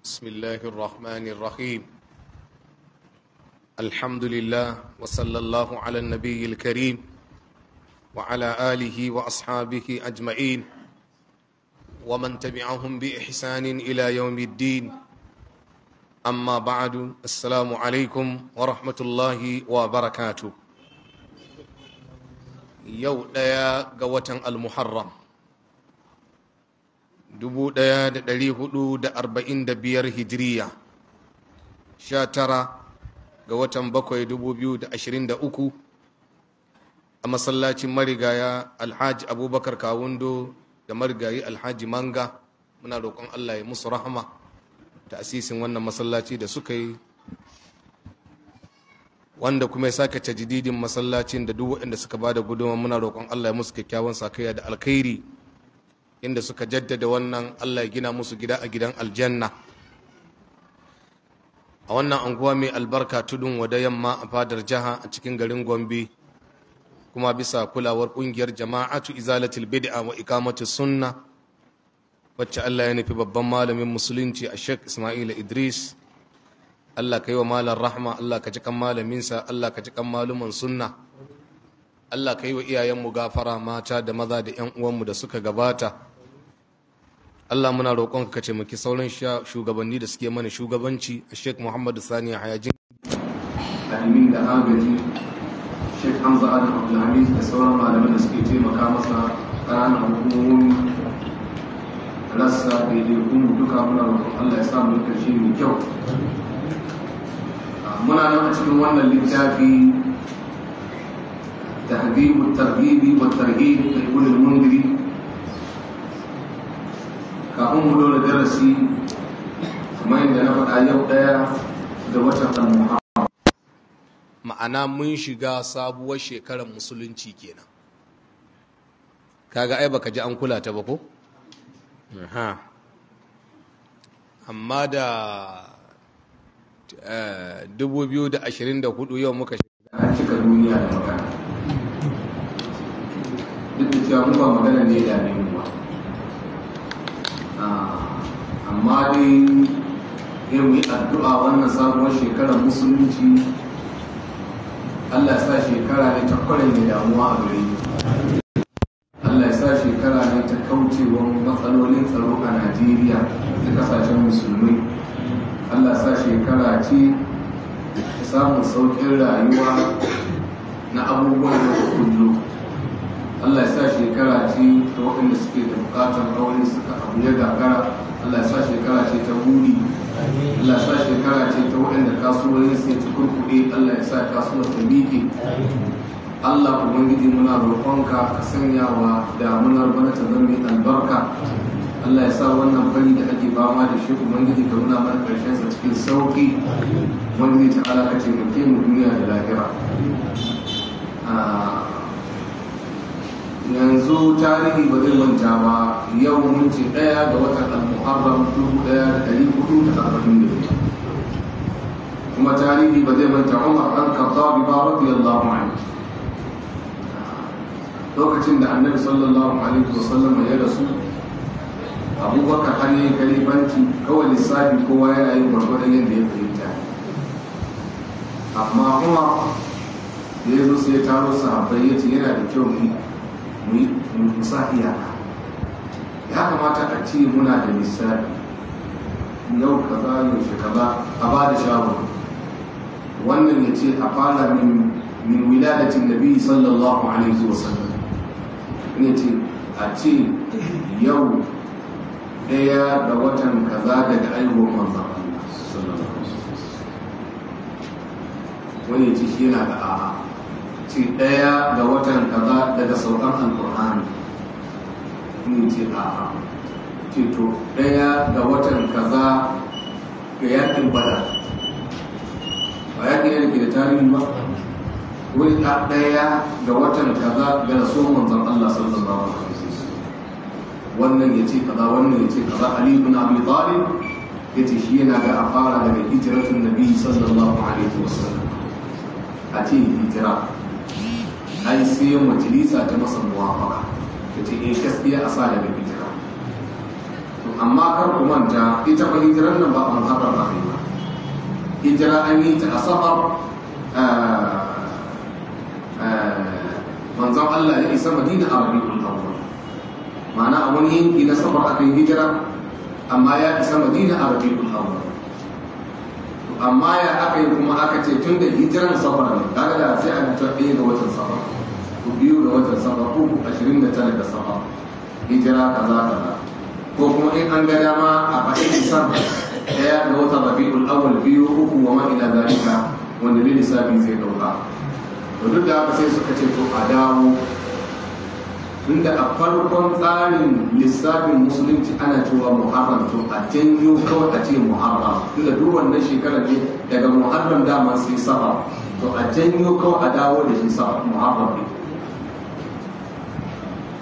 بسم الله الرحمن الرحيم الحمد لله وصلى الله على النبي الكريم وعلى آله وأصحابه أجمعين ومن تبعهم بإحسان إلى يوم الدين أما بعد السلام عليكم ورحمة الله وبركاته يوم يا قوة المحرم 1445 hijiriya 19 ga watan 7223 a masallacin marigaya alhaji abubakar kawundo da marigayi alhaji manga muna roƙon allah ya musu rahama ta asisin wannan masallaci da suka yi wanda kuma ya sake jididin masallacin da duk waɗanda suka ba da gudunmu muna roƙon allah ya musu kyakkyawan sakayya da alkhairi inda suka jaddada wannan Allah ya gina musu gida a gidan aljanna a wannan anguwa mai albarka tudun wada yamma a fadar jiha a cikin garin gombe kuma bisa kulawar kungiyar jama'atu izalatul bid'a wa ikamatu sunna wacce Allah ya nufi babban malamin musulunci a Sheikh Ismail Idris Allah ka yi wa malar rahma Allah ka ji kan malaminsa Allah ka ji kan maluman sunna Allah ka yi wa iyayenmu gafara mata da maza da 'yan uwanmu da suka gabata Allah muna roƙon ka taimaki sauran shugabanni da suke mana shugabanci a Sheikh Muhammad Sani Hayajin da Amin da Agaji Sheikh Hamza Adam Abdulhamid da sauran malaman da suke taimaka masa ƙananan hukumomi rassa dai, kuma duka muna roƙon Allah ya sa mu shi mai kyau ah, muna nan a cikin wannan littafi tahdibu tarhibi wa tarhibi darasi kamar yadda na faɗa yau ɗaya da watan al ma'ana mun shiga sabuwar shekarar musulunci kenan kaga ai baka ji an kula ta ba ko amma da 2024 eh, yau muka shiga an cika duniya da maka duk da cewa mun ba magana ne da ne ba ah. amma dai yau yi addu'a wannan sabuwar shekarar musulunci allah ya sa shekara ne ta kwarai da damuwa a gare allah ya sa shekara ne ta kaucewa matsalolin tsaro a najeriya da kasashen musulmai allah ya sa shekara ce ta samun sauƙin rayuwa na abubuwan da kullum Allah ya sa shekara ce ta waɗanda suke da bukatar aure suka abu ya gagara Allah sa shekara ce ta buri Allah sa shekara ce ta waɗanda kasuwanin sai ta kurkuɗe Allah ya sa kasuwar ta miƙe Allah Ubangiji muna roƙonka ka sanya wa damunar bana ta zama albarka Allah ya sa wannan fari da ake bama da shi Ubangiji ka nuna mana ƙarshen sa cikin sauƙi Ubangiji ta alaka ce mu duniya da lahira ah. yanzu tarihi ba zai manta ba yau mun ce ɗaya ga watan al-muharram dubu ɗaya da ɗari hudu da arba'in da biyar kuma tarihi ba zai manta umar ɗan khattabi ba radiyallahu anhu lokacin da annabi sallallahu alaihi wasallam ya rasu abubakar har yi kalibanci kawai lissafi kowa yana yin gwargwadon yadda ya fahimta amma kuma da ya zo sai ya taro sahabbai ya ce yana da kyau ne mu sa iyaka ya kamata a ce muna da lissafi yau kaza yaushe kaza a ba da shawar wannan ya ce a fara min min wiladatin nabi sallallahu alaihi wa wasallam ya ce a ce yau daya da watan kaza daga aihuwar manzan Allah wani ya ce shi yana da a'a ce ɗaya ga watan kaza daga sauran alƙur'ani in ce a'a ce to ɗaya ga watan kaza ga yakin bada ba ya yana ke da tarihin ba wani a ɗaya ga watan kaza ga rasul wanzan Allah sallallahu alaihi wasallam wannan ya ce kaza wannan ya ce kaza Ali ibn Abi Talib ya ce shi yana ga a fara daga hijiratun Nabi sallallahu alaihi sallam. a ce hijira ai sai majalisa ta masa muwafaka ta ce eh gaskiya a sa daga hijira to amma kar ku manta ita ba hijiran nan ba a muharram ba ba hijira an yi ta a safar manzon Allah ya isa Madina a Rabiul Awwal ma'ana a wani yanki na safar aka yi hijira amma ya isa Madina a Rabiul Awwal amma ya aka yi kuma aka ce tun da hijiran safar ne kaga da sai a mutum ɗaya da watan safar ku biyu da watan safar ko ku ashirin da tana da safar hijira kaza kaza ko kuma in an ga dama a faɗin isan ɗaya da wata rabi'ul awwal biyu uku wa ma ila zalika wanda ne lissafi zai ɗauka to duk da haka sai suka ce to a dawo tunda a farkon tsarin lissafin musulunci ana cewa muharram to a janyo kawai a ce muharram tunda duk wannan shekarar ne daga muharram dama sai saba to a janyo kawai a dawo da shi saba muharram ne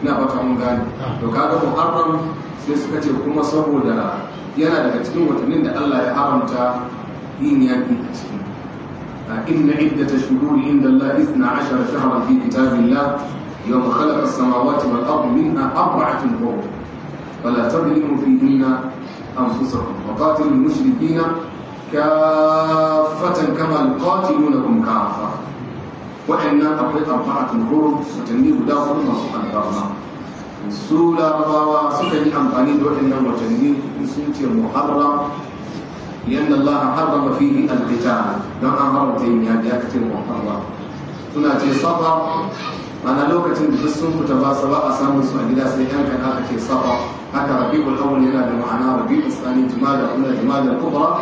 ina baka mun gane to kaga muharram sai suka ce kuma saboda yana daga cikin watannin da Allah ya haramta yin yaki a ciki إن عدة الشهور inda Allah 12 شهرا fi كتاب الله يوم خلق السماوات والأرض منها أربعة قرون فلا تظلموا فيهن أنفسكم وقاتلوا المشركين كافة كما يقاتلونكم كافة وإن أبقى أربعة حروب وتنبيه داخل ما سبحانه وتعالى سولا ام سكني أمطاني هو وتنبيه سنت محرم لأن الله حرم فيه القتال دعا مرتين يا دكتور محرم سنة صبر mana lokacin da duk sun fita ba su ba a samun su a gida sai yan kan aka ce safa haka rabiul awwal yana da ma'ana rabiul tsani jumada jumada kubra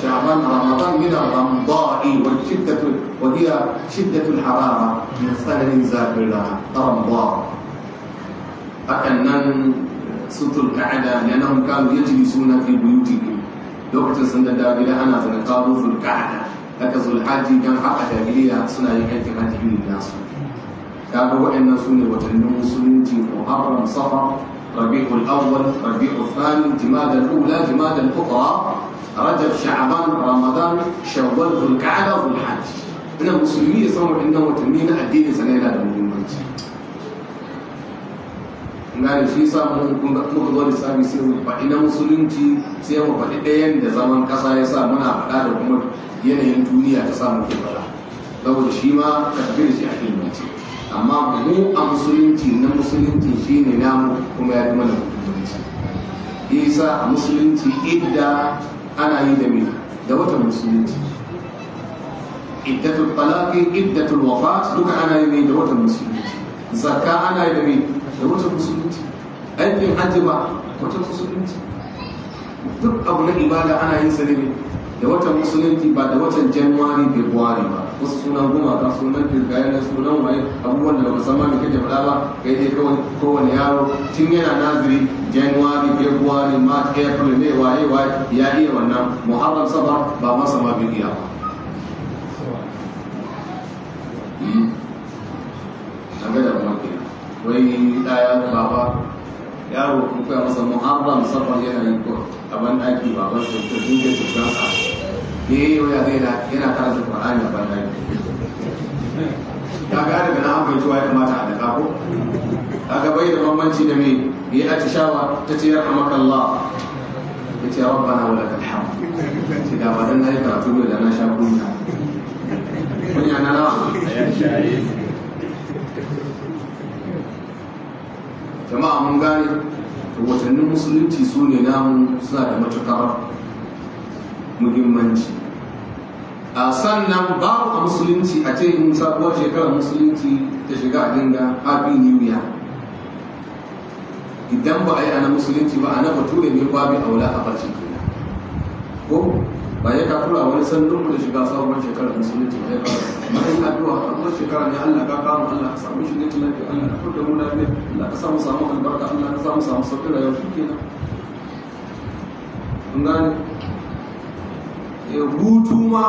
شعبان رمضان من الرمضاء والشدة وهي شدة الحرارة من سنن زابلة رمضاء أكنن ست القعدة لأنهم كانوا يجلسون في بيوتهم لوقت سند دابلة أنا فنقالوا في القعدة لك ذو الحاج كان حق دابلية سنة يكتب هذه الناس kaga waɗannan su ne watannin musulunci muharram safar rabi'ul awwal rabi'ul thani jimadal ula jimadal ukhra rajab sha'ban ramadan shawwal zulqa'da zulhajj ina musulmi ya san waɗannan watanni na addinin sa yana da muhimmanci na da shi sa muka zo lissafi sai mu faɗi na musulunci sai mu faɗi ɗayan da zaman ƙasa ya sa muna faɗa da kuma yanayin duniya ta sa muke faɗa saboda shi ma tafi da shi a ilmanci amma mu a musulunci na musulunci shine namu kuma ya kuma na musulunci isa a musulunci idda ana yi da mai da wata musulunci iddatul talaqi iddatul wafa duka ana yi mai da wata musulunci zakka ana yi da mai da wata musulunci aikin hajji ba wata musulunci duk abu na ibada ana yin sa ne da watan musulunci ba da watan januwari februari ba wasu sunan gumaka sunan firgayana sunan waye abubuwan da ba san da ke faɗa ba kai yi kawai kowane yaro tun yana naziri januwari februari march april ne waye waye ya iya wannan muhabbar sabar ba masa ma bin ba hmm? wai ɗaya yaro kun koya masa muharram safar yanayin ko a ban daki ba ba su ta dinga cikin sa ne ya zai da yana karanta qur'ani a ban daki kaga daga na an tuwa ya kamata a daka ko kaga bai da bambanci da me a tishawa, ta ce yarhamakallah ya ce rabbana wa lakal hamd ce da ba dan nayi karatu da na sha kunya kunya na na jama'a mun gane watannin musulunci su ne namu suna da matukar muhimmanci a sannan babu a musulunci a ce in sabuwar shekarar musulunci ta shiga a dinga happy new year idan ba a yi ana musulunci ba a na bature ne babu aula a barci ko ba ya a wani sandun mu da shiga sabon shekarar musulunci ba ya kafura ba ya addu'a a kuma shekara ne Allah ka kawo Allah ka samu shi ne lafiya Allah ka furta mu lafiya Allah ka samu samu albarka Allah ka samu samu sauƙin rayuwa shi kenan kun gane eh, hutu ma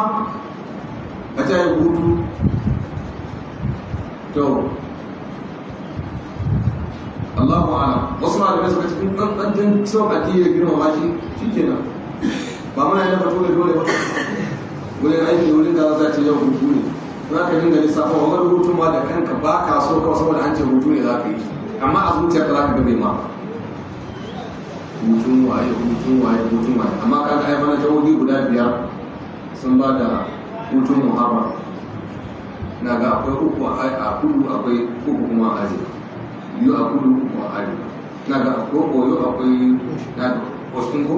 a ta yi hutu to Allah a'lam wasu malamai suka cikin ɗanɗan jin sau addini da girmama shi shi kenan ba muna da bature dole ba wurin aiki wurin da za ce yau hutu ne za ka dinga lissafa wa wani hutun ma da kanka ba ka so kawai saboda an ce hutu ne za ka yi amma a zuciyar ka za ka gabe ma hutun waye hutun waye hutun waye amma ka ga mana jawobi guda biyar sun ba da hutun muharram na ga akwai uku a kudu akwai uku kuma a arewa biyu a kudu uku a arewa na ga akwai koyo akwai na ga wasu ko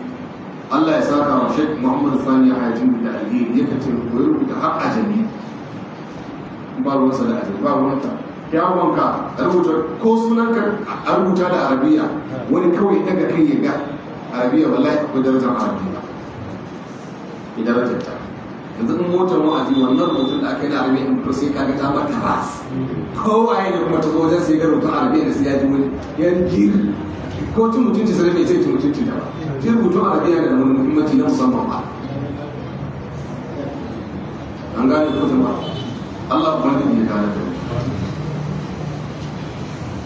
Allah ya saka wa Sheikh Muhammad Sani ya hajji da alheri ya ce ko ya rubuta har jami ba ruwan sa da ajami ba ruwan ta ya wanka rubuta ko sunan ka a rubuta da arabiya wani kawai daga kai ya ga arabiya wallahi akwai darajar arabiya Ya darajar ta yanzu in motar wa'azi wannan rubutun da aka yi da arabiya in fito sai ga ta ba ta ras kowa ya kuma ta zo wajen sai ga rubutun arabiya da sai ya ji wani yan gir ko cin mutunci sai bai sai cin mutunci da ba shi rubutun arabiya da wani muhimmanci na musamman ba an gane ko ba Allah ba da ya gane da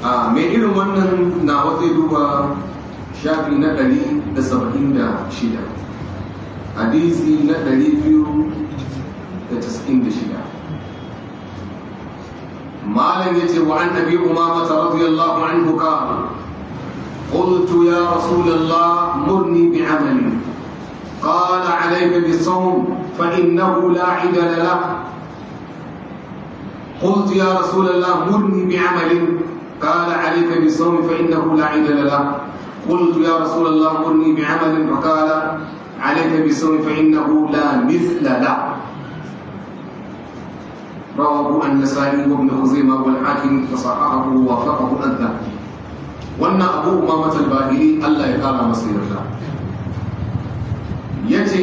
a mai irin wannan na wata duba shafi na ɗari da saba'in da shida hadisi na ɗari biyu da casa'in da shida malam ya ce wa annabi umama radiyallahu anhu qala قلت يا رسول الله مرني بعمل قال عليك بالصوم فإنه لا عدل له قلت يا رسول الله مرني بعمل قال عليك بالصوم فإنه لا عدل له قلت يا رسول الله مرني بعمل فقال عليك بالصوم فإنه لا مثل له رواه النسائي وابن خزيمة والحاكم فصححه ووافقه الذهبي wannan abu umamat al-bahiri Allah ya kara masa yarda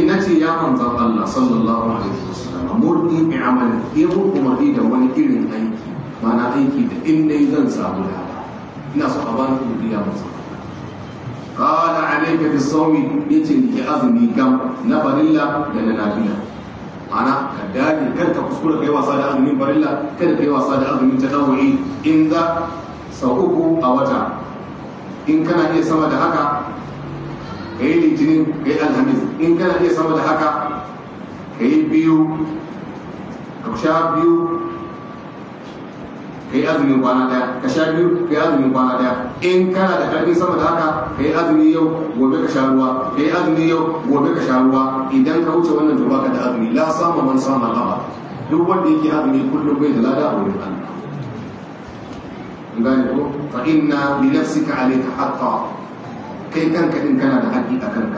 na ce ya manzon Allah sallallahu alaihi wasallam murni bi amali ya umarni da wani irin aiki mana aiki da in dai zan samu lada ina so a bani kudi ya masa qala sauri bis sawmi yace ki azumi gam na barilla da na nafila ma'ana ka dade kar ka kuskura kai wasa da azumin barilla kada kai wasa da azumin tadawuri in za sau uku a wata in kana iya sama da haka ka yi litinin ka yi alhamis in kana iya sama da haka ka yi biyu ka sha biyu ka yi azumin kwana daya ka sha biyu ka yi azumin kwana daya in kana da karfin sama da haka ka yi azumi yau gobe ka sha ruwa ka yi azumi yau gobe ka sha ruwa idan ka wuce wannan zuwa ka da azumi la sama man sama lama duk wanda yake azumi kullum bai da lada a wurin Allah فإن بنفسك عليك حقا كي كان إن كان حقي أكنك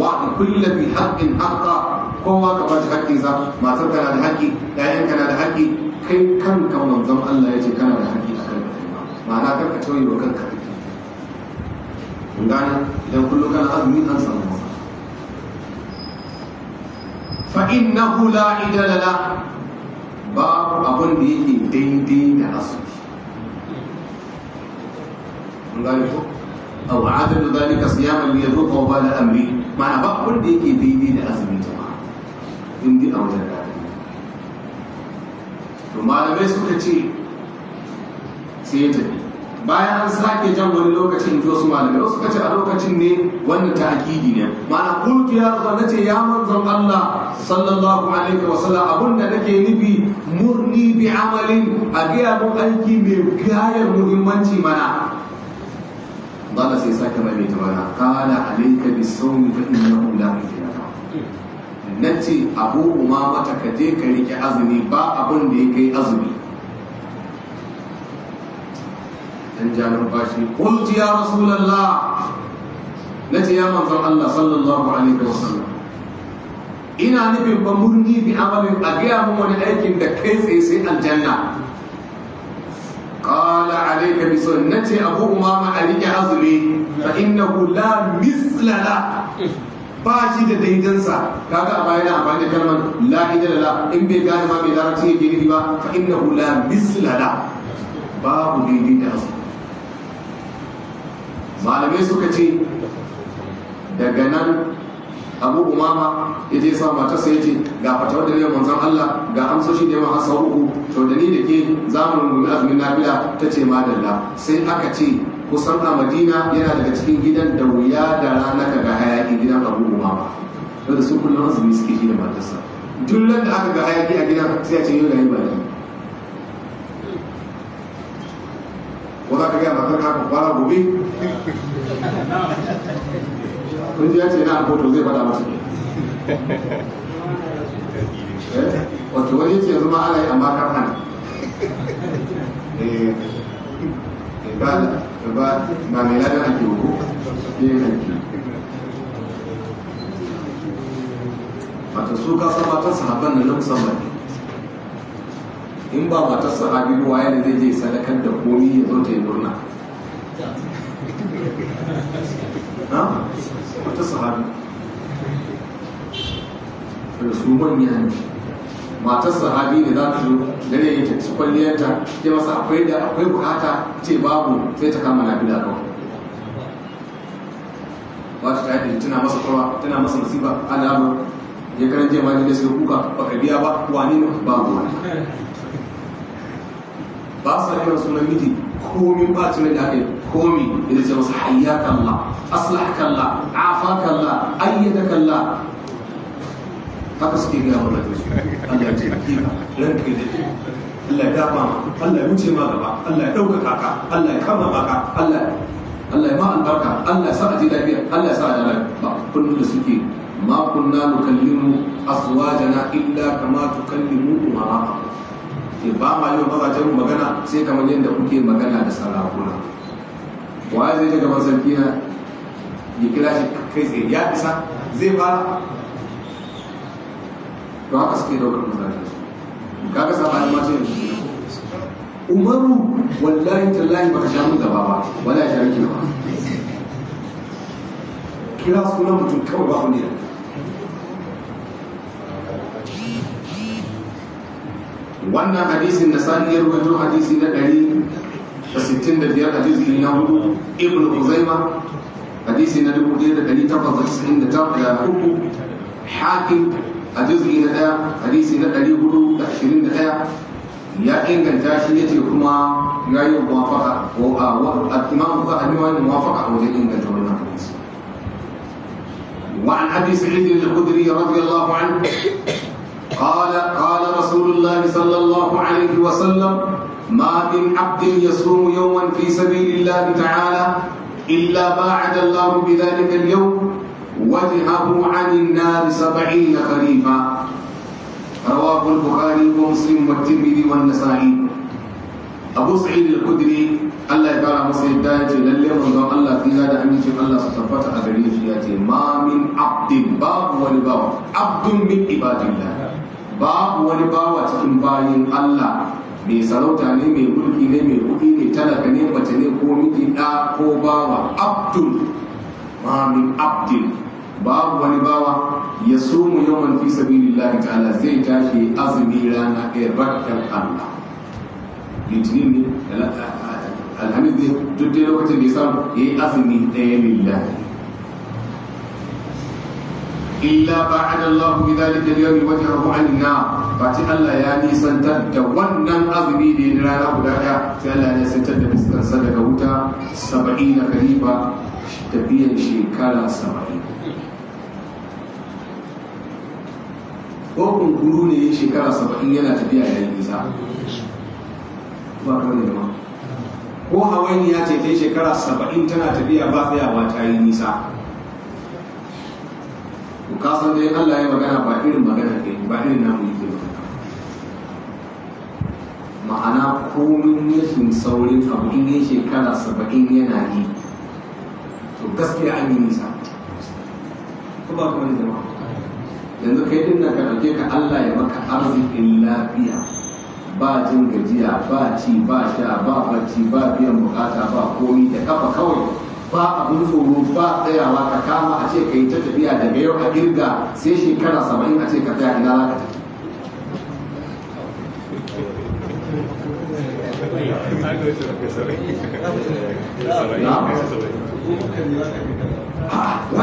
وعد كل ذي حق حقا كوا كباش حقي ذا ما تركنا لحقي لأن كان لحقي كي كان كان منظم الله يجي كان لحقي أكنك معنى كبك توي وكبك وقال لو كل كان أدمي أنسى فإنه لا إدل له باب أبن بيكي دين دين أصلي ذلك او عادل ذلك adadu zalika siyaman li yadhuqa wa bala ديكي دي دي لازمي جماعه ان daidai da azumi jama'a in dai a wajen da to malamai suka ce sai bayan an sake jan wani lokacin ji wasu malamai wasu kace a lokacin ne wani ta hakiki ne ma'ana kultu ya na nace ya manzon Allah sallallahu alaihi wa sallam abinda nake nufi murni bi amalin a gaya aiki mai gayar muhimmanci mana ضل سيساك ما يتوانا قال عليك بالصوم فإنه لا مثل nace abu umamata ka je ka rike azumi ba abin da ya kai azumi dan ja numfashi qultu ya rasulullah nace ya manzon Allah sallallahu alaihi ina nufin ba murni bi amalin a gaya mu wani aikin da kai tsaye sai aljanna قال عليك بسنة أبو أمامة عليك أزلي فإنه لا مثل لا باشي da daidansa kaga a bayan amfani da kalmar la idala in bai gane ma bai larabci yake nufi ba fa innahu la misla la babu daidai da su malamai suka ce daga nan abu umama ya je sa mata sai ce ga fata wadda ne manzon Allah ga amsoshi da yawan hasa uku to da ni da ke zamanin rungumi azumin nafila ta ce madalla sai aka ce kusan a madina yana daga cikin gidan da wuya da rana ka ga hayaki gidan abu umama da su kullum azumi suke shi da matarsa duk da aka ga hayaki a gidan sai a ce yau da yi ko za ka gaya matar ka fara gobe kun ji ya ce na amfoto zai faɗa masa eh, wato wani ce zuma ana yi amma kar hana eh, eh, ba ba mai ladan ake wuko ne hanki wato su ka san matan sahaban na musamman ba in ba matan sahabi ruwa yana zai je sadakar da komi ya zo ta yi murna wata sahabi da su manya ne matar sahabi ne za ta zo dare ne ta ci kwalliyarta ya masa akwai da akwai bukata ce babu sai ta kama na bila kawai ba ta ta yi tana masa kowa tana masa nasiba alamu ya karan jiya ne da sai kuka ba ka biya ba wani ne ba wani ba sa irin sunan miji komin ba rai da aka yi komi da ce masa hayyaka Allah aslahaka Allah afaka Allah ayyadaka Allah haka suke gaya wa rajin Allah ya ce kika ranka ya ce Allah ya dafa ma Allah ya wuce ma gaba Allah ya ɗaukaka kaka, Allah ya kama maka Allah Allah ya ma albarka Allah ya sa a ji lafiya Allah ya sa a ji lafiya ba kullum da suke ma kunna nukallimu azwajana illa kama tukallimu umara ke eh, ba ma yi ba zaten magana sai kamar yadda kuke magana da sarakuna wa zai ji gaban sarki na ya kira shi kai tsaye ya isa zai fara to haka suke daukar mazajen su kaga sabani ma ce umaru wallahi tallahi ka sha mun gaba ba wala ya sha miki ba kira sunan mutum kawai ba ku ne wannan hadisin na sani ya rubuto hadisi na ɗari da sittin da biyar hadisi na hudu ibn huzaima hadisi na dubu ɗaya da ɗari takwas da tisa'in da da uku hakim a juzgi na ɗaya hadisi na ɗari hudu da ashirin da ɗaya ya inganta shi ya ce kuma ya yi muwafaka ko a imamu ka hannuwa ne muwafaka a wajen inganta wannan hadisi وعن ابي سعيد الخدري رضي الله عنه قال قال رسول الله صلى الله عليه وسلم ما من عبد يصوم يوما في سبيل الله تعالى إلا باعد الله بذلك اليوم وجهه عن النار سبعين خريفا رواه البخاري ومسلم والترمذي والنسائي abu sa'id al-kudri Allah ya kara masa yadda ya ce lalle manzon Allah fi da amincin Allah su tabbata a gare shi ya ce ma min abdin babu wani bawa abdun min ibadillah babu wani bawa cikin bayin Allah mai sarauta ne mai mulki ne mai kuɗi ne talaka ne mace ne ko miji da ko bawa abdul ma min abdul babu wani bawa ya so mu yawan fi sabilillahi ta'ala zai tashi azumi rana ɗaya barkan Allah litinin ne alhamis ne duk dai lokacin da ya samu ya yi azumi ɗaya lillahi illa ba'ada Allah bi dhalika al-yawm wajhahu 'an an-nar fati Allah ya nisan ta da wannan azumi da ya na guda daya sai Allah ya nisantar da fuskar sa daga wuta na 70 kalifa biyan shekara 70 ko kunkuru ne yin shekara 70 yana tafiya yayin nisa ba kawai da ma ko hawainiya ce ta shekara 70 tana tafiya ba tsayawa ta yi nisa to ka san Allah ya magana ba irin magana kai ba irin mu yake ma'ana komin nufin saurin abu in yi shekara saba'in yana yi to gaskiya an yi nisa ko ba kuma jama'a yanzu kai din ka ɗauke ka Allah ya maka arzikin lafiya ba jin gajiya ba ci ba sha ba barci ba biyan bukata ba komi da kafa kawai ba abin tsoro ba tsayawa ka kama a ce ka yi ta tafiya daga yau a girga sai shekara saba'in a ce ka tsaya ina za ka tafi ba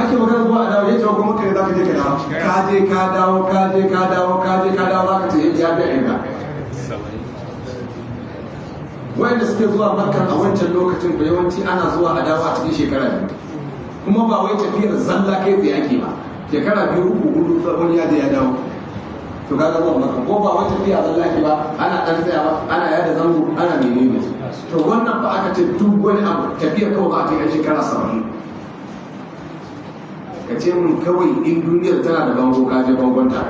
ke magana zuwa a dawo ya cewa kuma kai za ka je ka dawo ka je ka dawo ka je ka dawo ka je ka dawo za ka ce eh, ya biya ɗaya wanda suke zuwa makka a wancan lokacin da yawanci ana zuwa a dawa a cikin shekara biyu kuma ba wai tafiyar zalla kai tsaye ake ba shekara biyu uku hudu wani ya je ya dawo to ga ga zuwa makka ko ba wai tafiya zalla ake ba ana dan tsayawa ana yada zango ana menene to wannan ba aka ce duk wani abu tafiyar kawai ba a cikin shekara saba'in ka ce mun kawai in duniyar tana da bango ka je bangon ta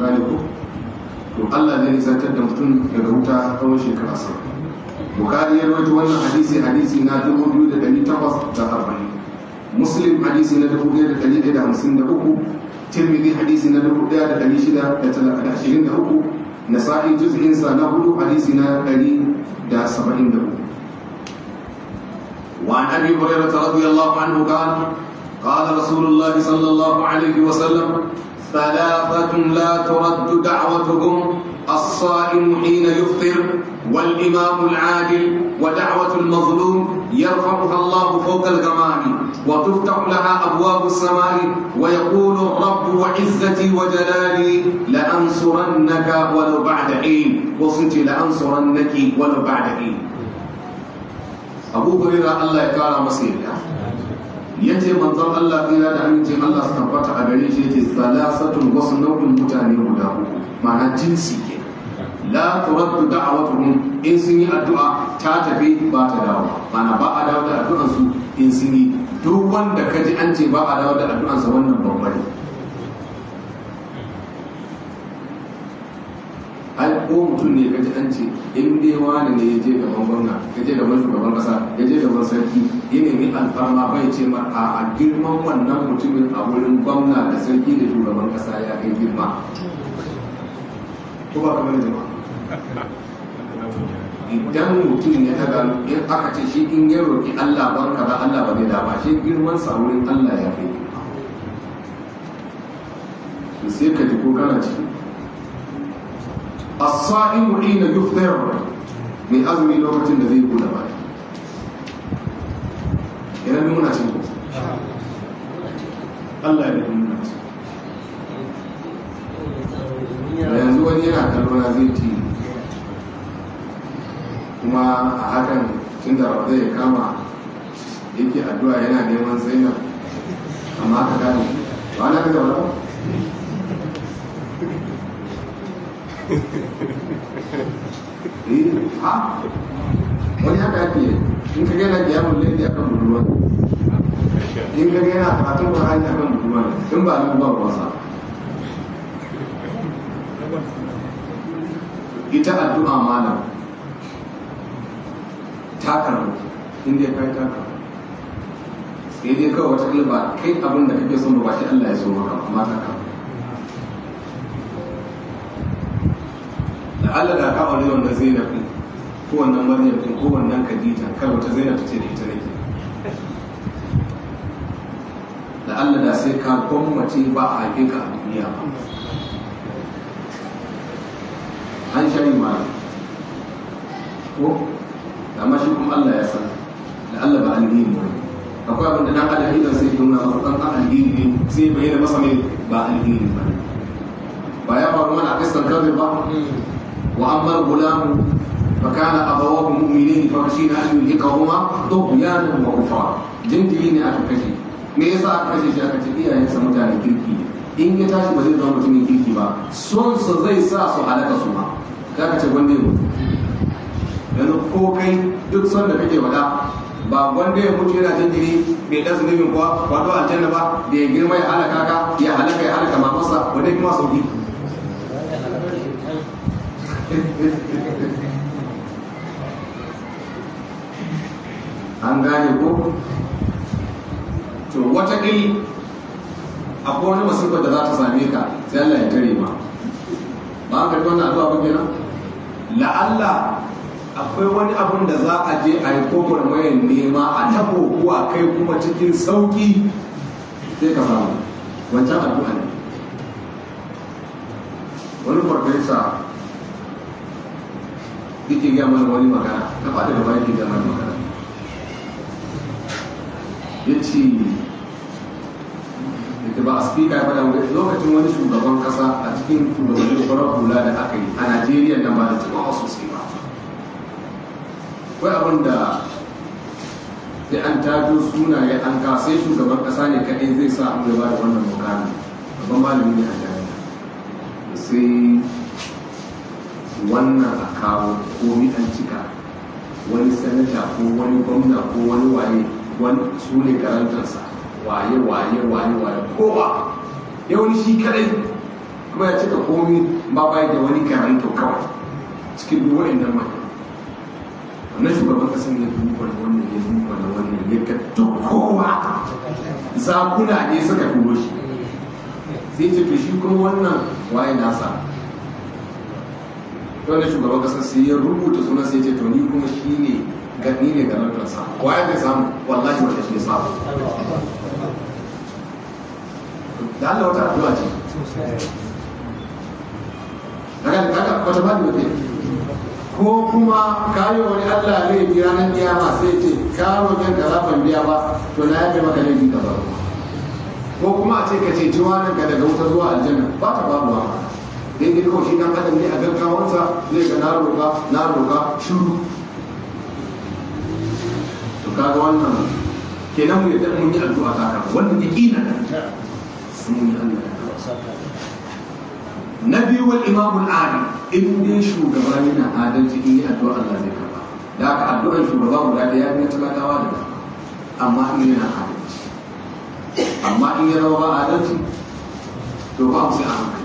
an gane ko to Allah da mutum daga wuta tsawon shekara sau ya rawaito wannan hadisi hadisi na dubu biyu da takwas da arba'in muslim hadisi na dubu da da hamsin da uku tirmidhi hadisi na dubu ɗaya da shida da ashirin da uku nasa'i juz'insa na hudu hadisi na ɗari da saba'in da uku وعن ابي هريره رضي الله عنه قال قال رسول الله صلى الله عليه وسلم ثلاثة لا ترد دعوتهم الصائم حين يفطر والإمام العادل ودعوة المظلوم يرفعها الله فوق الغمام وتفتح لها أبواب السماء ويقول الرب وعزتي وجلالي لأنصرنك ولو بعد حين وصلت لأنصرنك ولو بعد حين أبو هريرة الله يكرم مسيرك ya ce manzon Allah tsira da amince Allah su tabbata a gare shi yake salasatun wasu nau'in mutane guda uku ma'ana jinsi ke la turaddu da'awatuhum in sun yi addu'a ta tafi ba ta dawo ma'ana ba a dawo da addu'ansu in sun yi duk wanda ka ji an ce ba a dawo da addu'ansa wannan babba an ko mutum ne kaji an ce in dai wani ne ya je gaban gwamna ya je gaban shugaban kasa ya je gaban sarki ya nemi alfama bai ce ma a girman wannan mutumin a wurin gwamna da sarki da shugaban kasa ya kai girma ko ba kamar jama'a idan mutum ya gano in aka ce shi in ya roƙi Allah barka ba Allah ba zai dama shi girman sa wurin Allah ya kai sai ka ji ko kana ciki as-sa'imu hina yufṭir mai azumi lokacin da zai buɗe baki yana nuna muna cikin Allah ya nuna muna cikin yanzu wani yana kallona zai ci kuma a hakan tun da rawa zai kama yake addu'a yana neman zainab amma aka gane ba na ka zaura ba ha wani haka ake in ka gana da yawon ne akan buduwa in ka gana a karatun ƙwararri akan buduwa in ba nan ba wasa ita addu'a malam ta karbu inda ya kai ta sai dai kawai wata ilba kai abin da kake son ba shi Allah ya so maka amma ta karbu da Allah da ka aure wannan Zainab din ko wannan Maryam din ko wannan Khadija kar wata Zainab ta ce da ita nake da Allah da sai ka gwammace ba a haife ka a duniya ba an shari ma ko amma shi kuma Allah ya san da Allah ba alheri ba akwai abin da dan adam idan sai nuna masa dan alheri ne sai bayyana masa mai ba alheri ba ba ya faru mana a kasar kafin ba وأما الغلام فكان أبواه مؤمنين فخشينا أن يلهقهما طغيانا وكفرا jinjiri ne aka kashe me yasa aka kashe shi aka ce iyayensa mutane kirki ne in ya tashi ba zai zama mutumin kirki ba son su zai sa su halaka su ma za ka ce gwanda ya mutu yanzu ko kai duk son da kake faɗa ba gwanda ya mutu yana jinjiri bai ɗan zunubin kuwa wato aljanna ba da ya girma ya halaka ka ya halaka ya halaka mamarsa wanda kuma sauki an gane ko to wata watakil akwai wani masifar da za ta same ka sai Allah ya tare ma ba ka tona abu ba kenan la'alla akwai wani abun da za a je a yi kogon mayan nema a tabo kuwa kai kuma cikin sauki sai ka samu wancan addu'a ne wani farfesa yake gaya mana wani magana na fada da bayan gaya mana magana ya ce da ba a spika ya lokacin wani shugaban kasa a cikin shugabannin kwarar hula da aka yi a najeriya na ba da wasu sosai ba kai abin da sai an suna sunaye an ka sai shugaban kasa ne kaɗai zai sa an ba da wannan mukami babban malami ne a jami'a sai wannan a kawo komi an cika wani sanata ko wani gwamna ko wani waye wani su ne karantarsa waye waye waye waye kowa ya wani shi kadai kuma ya cika komi ba bai da wani karanta kawai cikin duk wa'annan mai wannan shugaban kasan ya duba da wannan ya duba da wannan ya ga kowa zakuna ne suka fi shi sai ce to shi kuma wannan waye nasa wanda shugaban kasar sai ya rubuta suna sai ce to kuma shi ne gani ne ganar kansa kuwa ya kai samu wallahi wata shi samu da Allah wata addu'a ce daga da kaga wata ba ne ko kuma kayo wani Allah zai biya nan kiyama sai ce kawo roƙin da za biya ba to na yake maka laifi ka ko kuma a ce ka ce ji wani ka daga wuta zuwa aljanna ba ta babu wa daidai kawai shi dan adam ne a gaggawansa zai ga na roƙa na roƙa shiru to kaga wannan kenan mu yadda mun yi addu'a ta kan wanda yaqina mun yi Allah na biyu wal imamul adil in dai shugaba yana adalci in yi addu'a Allah zai karba da haka addu'ar shugaba guda da ya fi talakawa da amma in yana adalci amma in ya rawa adalci to ba mu sai a hankali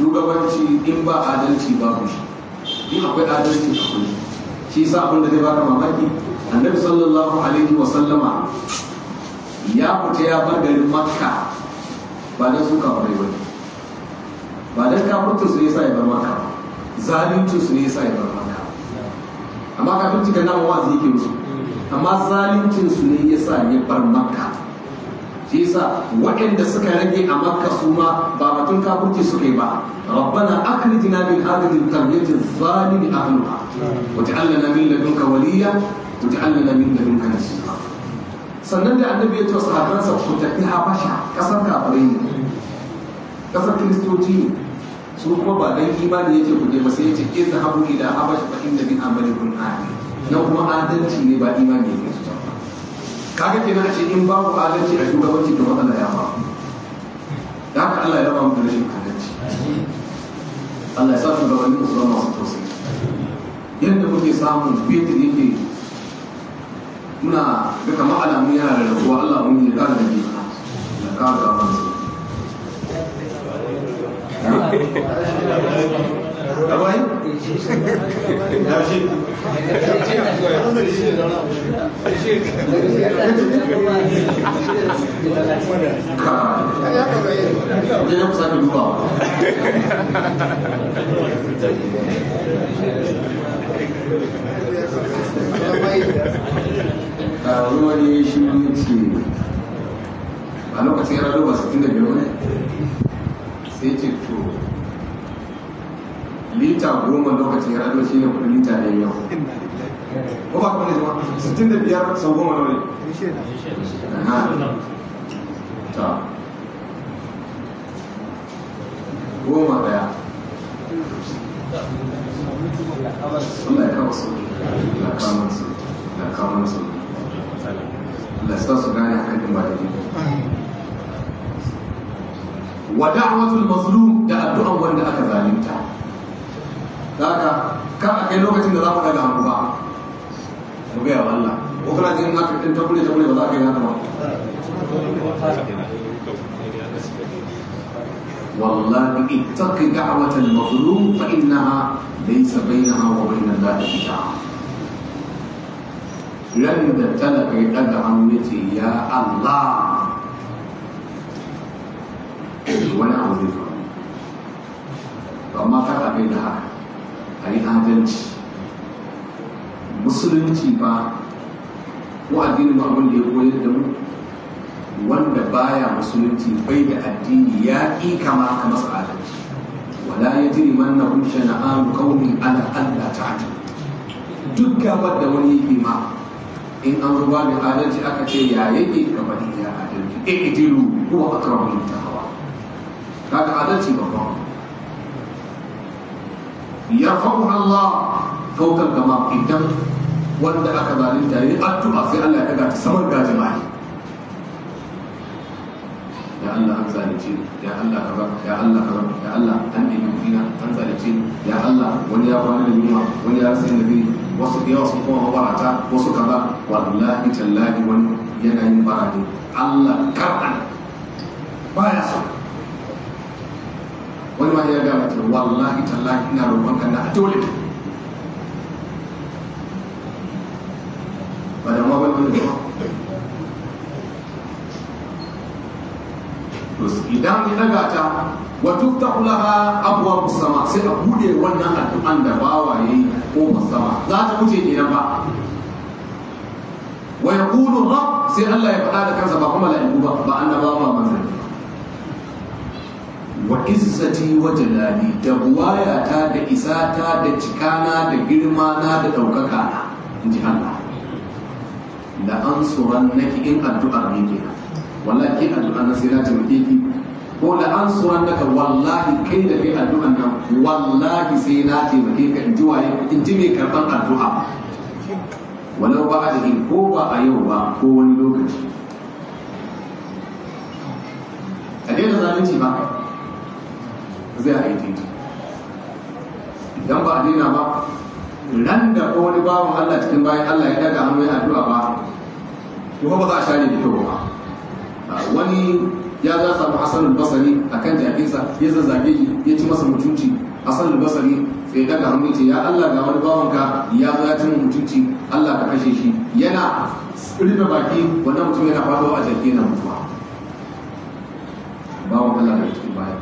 shugabanci in ba adalci ba ku shi in akwai adalci akwai shi sa abinda zai baka mamaki annabi sallallahu alaihi wa sallama ya fita ya bar garin makka ba da su kafirai ba ba da kafirta su yasa ya bar makka zalunci su ne yasa ya bar makka amma kafirci kana wazi yake musu amma zalincin su ne yasa ya bar makka shi waɗanda suka rage a makka su ma ba batun kafirci suka yi ba rabbana akhrijna min hadhihi al-qaryati adh-dhalimi ahliha wa ja'al lana min ladunka waliya wa ja'al lana min ladunka nasira sannan da annabi ya ce wa sahabansa ku tafi habasha kasar kafirai ne kasar kiristoci ne su kuma ba dan imani yace ku je ba sai yace idhabu ila habasha fa inna min amalikum ahli nan kuma adalci ne ba imani ne kaga kenan a ce in babu adalci a shugabanci to matsala ya ba da haka Allah ya raba mu da rashin adalci Allah ya sa shugabanni su zama masu tausayi yadda muke samun fetur yake muna ga kamar alamun yana da rabuwa Allah mun yi ƙara da ke da ƙara da amansu Давай. Je nan sake wani shi ce a lokacin yana duba 65 ne? Sai ce to lita goma lokacin yar ado shine kudin lita ne yau ko ba kuma ne zama sittin da biyar sau goma nawa ne ta goma daya Allah ya kawo su Allah kawo su Allah kawo su da sa su gane a din ba da wa da'awatul mazlum da addu'an wanda aka zalunta da haka ka a kai lokacin da za mu daga hannu ba mu gaya wa Allah ko kana jin haka din ta kule ta kule ba za ka yi haka ba والله اتق دعوة المظلوم فإنها ليس بينها وبين الله حجاب ran da talaka ya daga hannu ce ya Allah wani abu zai faru amma kada kai da haka a yi adalci musulunci ba ko addinin ba abin da ya koyar da mu wanda baya musulunci bai da addini ya ƙi kama ka masa adalci wala ya jiri manna kun an kauni ala Allah ta'ala duk gabar da wani yake ma in an ruwa da adalci aka ce ya yake ka bari ya adalci e idilu huwa akrabu ta hawa kaga adalci babban yarfa'una Allah fawqa kama idan wanda aka ta yi addu'a sai Allah ya daga ta saman gajimai ya Allah an zalunce ya Allah kaza ya Allah kaza ya Allah an nemi kuɗina an zalunce ya Allah wani ya kwana da yunwa wani ya rasa da zai wasu da yawa sun koma mabarata wasu kaza wallahi tallahi wani yana yin bara ne Allah karɗan baya so wani ma ya ga mata wallahi tallahi ina roƙon ka a dole ba da mawai wani ba to idan ya daga ta wa tuftahu laha abwaab sama sai a bude wannan addu'an da bawaye ko sama za ta wuce ne ba wa yaqulu rabb sai Allah ya faɗa da kansa ba kuma mala'iku ba ba annabawa ba manzanni wa izzati wa jalali da ta da isata da cikana da girmana da ɗaukaka na in ji Allah da an tsoron naki in addu'ar ne ke wallahi ke addu'ar na sai na muke ki ko da an tsoron daga wallahi kai da kai addu'ar nan wallahi sai na muke ka in ji waye in ji mai karɓar addu'a walau ba a jikin ko ba a yau ba ko wani lokaci a daina zalunci ba zai a yi titi idan ba a daina ba ran da ko wani bawan Allah cikin bayan Allah ya daga hannu ya addu'a ba kuma ba za a share da kyau ba wani ya za samu hasan basari a kan jakinsa ya zazzage shi ya ci masa mutunci hasan basari sai daga hannu ya ce ya Allah ga wani bawanka ya zo ya ci mutunci Allah ka kashe shi yana rufe baki wannan mutum yana faɗo a jirgin na mutuwa bawan Allah da cikin baya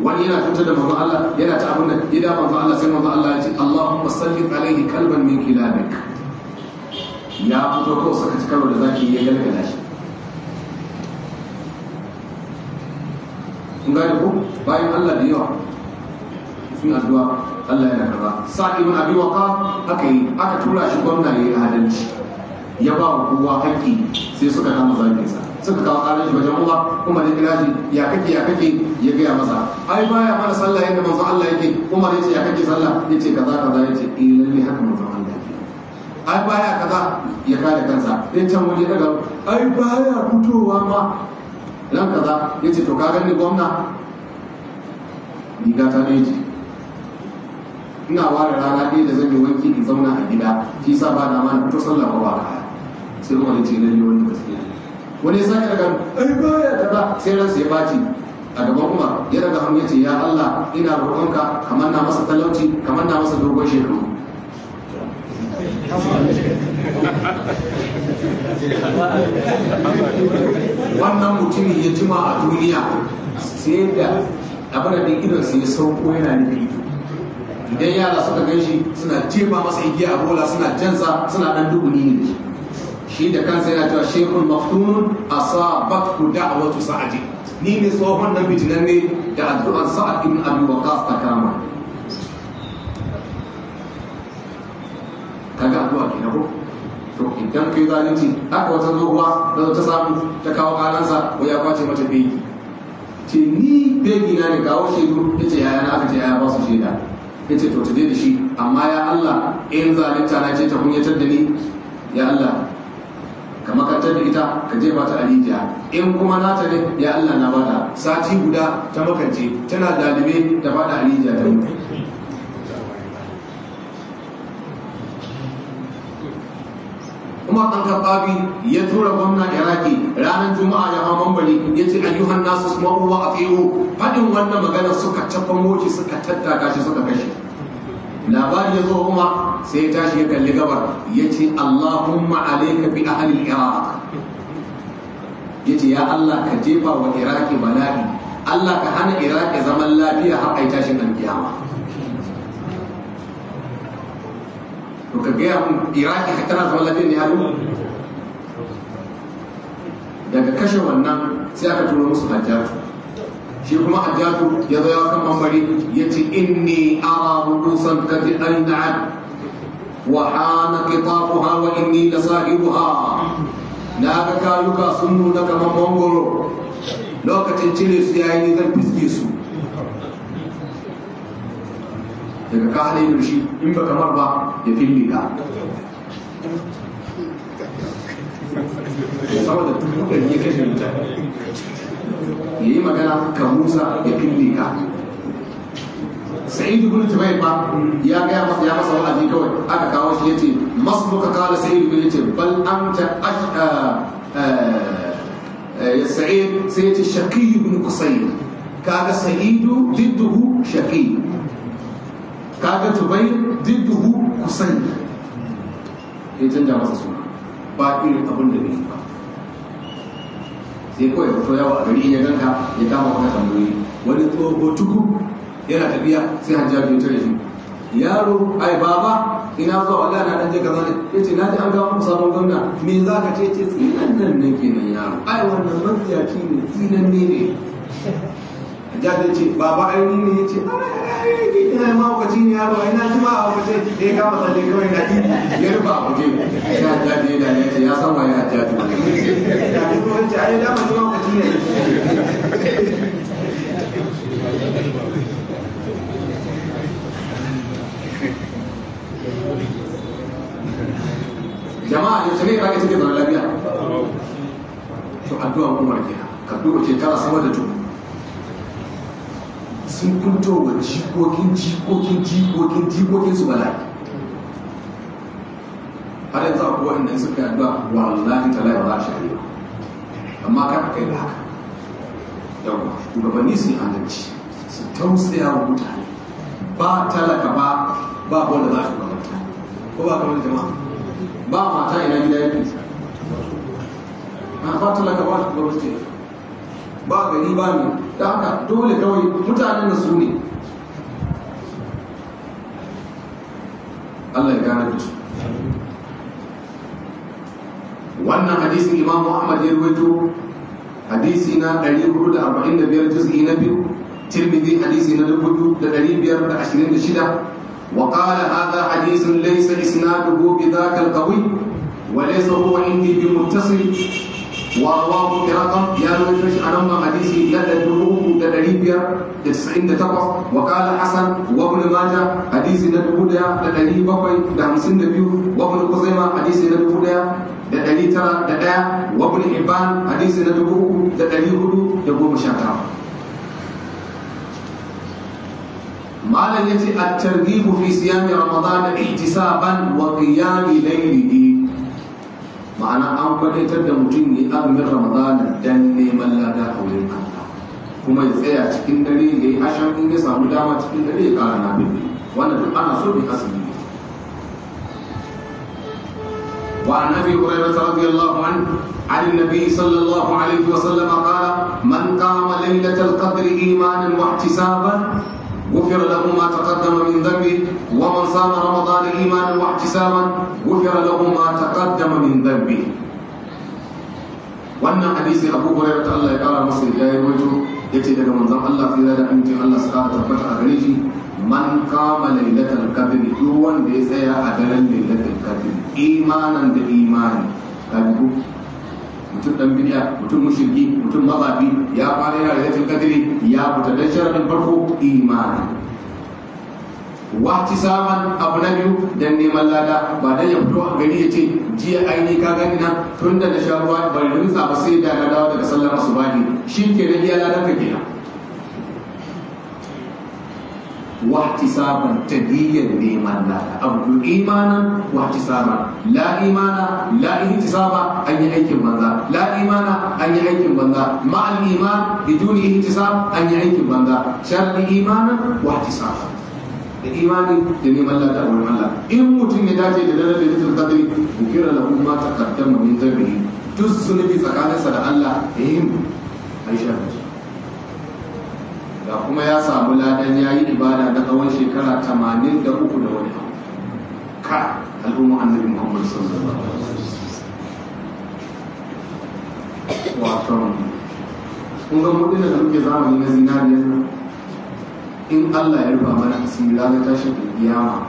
wani yana fitar da manzo Allah yana ta abin da ya da manzo Allah sai manzo Allah ya ce Allahumma sallit alaihi kalban min kilabik ya fito ko saka ci karo da zaki ya galgala shi kun gane ku, bayan Allah da yawa sun addu'a Allah ya karba sa'i ibn abi waqas aka yi aka tura shi gwamna yi adalci ya ba wa kowa haƙƙi sai suka kama zakin sa suka kawo karin shi wajen uwa kuma, ya kira shi ya kake ya kake ya gaya masa ai baya fara sallah yadda manzo Allah yake kuma ya ce ya kake sallah ya ce kaza kaza ya ce eh lalle haka manzo Allah yake ai baya kaza ya kare kansa ya can wani daga ai baya fitowa ma nan kaza ya ce to ka gani gwamna diga ta ji ina ware rana ɗaya da zan yi wanki in zauna a gida shi sa ba da ma na fito sallah ba ba sai kuma da ce lalle wani gaskiya wani ya sake daga ai baya sai ransa ya baci a gaban kuma ya daga hannu ya ce ya Allah ina roƙonka kamar na masa talauci kamar na masa dogon shekaru wannan mutumin ya jima a duniya sai da abin da idon sai ya sauko yana nufi idan yara suka gan shi suna jefa masa igiya a bola suna jansa suna dan duguni ne shi da kansa yana cewa shekul da a wasu sa'adi ni ne tsohon na fitinan ne da addu'ar sa'ad ibn wa kas ta kama ga addu'a ke ko to idan yi zalunci aka wata zuwa da ta samu ta kawo kanansa ko ya kwace mata beki ce ni beki na ne kawo ya ce yaya na aka ce yaya ba su shaida ce to ta da shi amma ya Allah in zalunta na ce ta kunyatar da ni ya Allah ka makantar da ita ka jefa ta a rijiya in kuma nata ne ya Allah na bada sati guda ta makance tana dalibe da bada a rijiya ta mutu kuma an kaɓaɓi ya tura gwamna iraki ranar juma'a ya ma ya ce ayyuhan nasu su ma'uwa a faɗin wannan magana suka tafa moci suka tattaka shi suka kashe labari ya zo kuma sai ya tashi ya kalli gabar ya ce allahumma alaika bi ahlil iraq ya ce ya allah ka jefa wa iraki bala'i allah ka hana iraki zaman lafiya har ai tashin alkiyama to ka gaya mun iraki har tana zaman lafiya ne haru daga kashe wannan sai aka turo musu hajjatu shi kuma ajabu ya zo ya kan mambari ya ce inni ara rukusan ka ji an da'ad wa hana kitafuha wa inni la sahibuha na ga kayuka sun nuna kamar mangoro lokacin cire su yayi zan fiske su daga ka hada yin shi in ba kamar ba ya filli da saboda tukar yake shi mutane yayi yi magana ka musa ya fille ka sa'idu bin jubair ba ya ya masa ya masa wa'azi kawai aka kawo shi yace masbuka qala sa'idu bin yace bal anta ash ya eh, eh, eh, sa'id sai yace shaqi bin qusayr kaga sa'idu didduhu shaqi kaga jubair didduhu qusay ya canja masa suna ba irin abin da ne. ba sai kawai fito yawa a gari ya ganka ya kama wani tambayi wani tsoho tuku yana tafiya sai hanjabi ya tare shi yaro ai baba ina zuwa wa na dan je kaza ne yace na ji an gawo musa sabon gwamna me za ka ce ce tsinan nan nake nan yaro ai wannan mafiyaci ne tsinan ne ne ja ta ce baba ni ne ina ne yaro jima a kwace kawai na a ya ta da ya ce ya san waye a ja ya ko ce ai da ma jima kwaci ne jama'a yaushe ne ka ga cikin zaman lafiya to addu'a kuma kenan ka duba sama da sun kunto wa jikokin jikokin jikokin jikokin su bala har yanzu akwai waɗanda suka yi ba wallahi talai ba za a ba amma ka kai da haka yawa shugabanni sun halarci su tausaya wa mutane ba talaka ba ba wanda za a shugabanta ko ba kamar jama'a ba mata ina gida yake ba talaka ba shugabanta ba gari ba ne da haka dole kawai mutanen da su ne Allah ya gane da su wannan hadisin imamu ahmad ya ruwaito hadisi na 445 juz'i na biyu tirmidhi hadisi na 2526 wa qala hadha hadithun laysa isnaduhu bi dhaka al-qawi wa indi ورواه فراقا يا رويتوش أنما حديثي يد دروه تدريبيا تسعين تقص وقال حسن وابن ماجه حديثي ندبودا تدريب بقوي دهمسين نبيو وابن قزيمة حديثي ندبودا تدريب ترى تدايا وابن حبان حديثي ندبوه تدريب هدو يقوم شاكرا malam yace at-targhib fi siyam ramadan ihtisaban wa qiyam laylihi ma'ana an kwadaitar da mutum ya azumin ramadana dan neman lada a wurin Allah kuma ya tsaya cikin dare ya yi ashan in ya samu dama cikin dare ya kara na bibi wanda duk ana so bi asali ne wa annabi hurairah radiyallahu anhu عن sallallahu alaihi wa عليه وسلم man من قام ليلة القدر إيمانا sabon? غفر له ما تقدم من ذنبه ومن صام رمضان إيمانا واحتسابا غفر له ما تقدم من ذنبه wannan hadisi abu hurairah ta Allah ya kara masa ya yi wato yace daga manzon Allah fi da aminci Allah su kara tabbata a gare shi man kama lailatul qadr duk wanda ya tsaya a daren lailatul qadr imanan da imani kabi mutum dan bid'a mutum mushriki mutum mazafi ya fara yana da yajin kadiri ya fita dan sharadin farko imani wati saman abu na biyu dan neman lada ba dan ya fito a gari ya ce jiya aini ka gani na tun da na sha ruwa bari nisa ba sai da na dawo daga sallar asubahi shi ke na iya ladan ka kenan واحتسابا تدية الإيمان لها أو إيمانا واحتسابا لا إيمانا لا احتسابا أن يعيك من ذا لا إيمانا أن يعيك من ذا مع الإيمان بدون احتساب أن يعيك من ذا شر إيمانا واحتسابا الإيمان دني من لا دعوة من لا إن موتين يداتي لدرى لدرى القدر بكرة لهم ما تقدم من ذنبه جزء سنبي فقال سر الله إيم أي شيء ga kuma ya samu ladan ya yi ibada na tsawon shekara tamanin da uku da wani ka al'umma annabi muhammad sallallahu alaihi wasallam kun ga kudin da muke zamani na zinariya in allah ya rufa mana asiri ranar tashin kiyama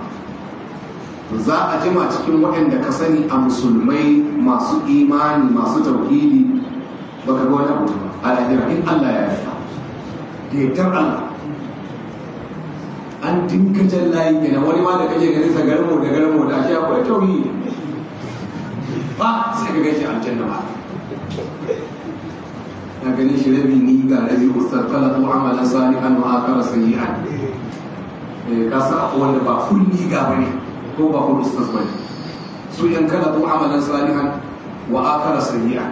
za a jima cikin waɗanda ka sani a musulmai masu imani masu tauhidi baka ga wani abu ba a in allah ya rufa da Allah an dinka jan layi kenan wani ma da kaje ganin sa mu da garmo da shi akwai tauri ba sai ka gaishe aljanna ba na ganin shi rabi ni ga rabi ustar tala ko amalan salihan wa akara sayyi'an eh ka sa wanda ba kulli ga bane ko ba kullu ustaz bane su yan kala ko amalan salihan wa akara sayyi'an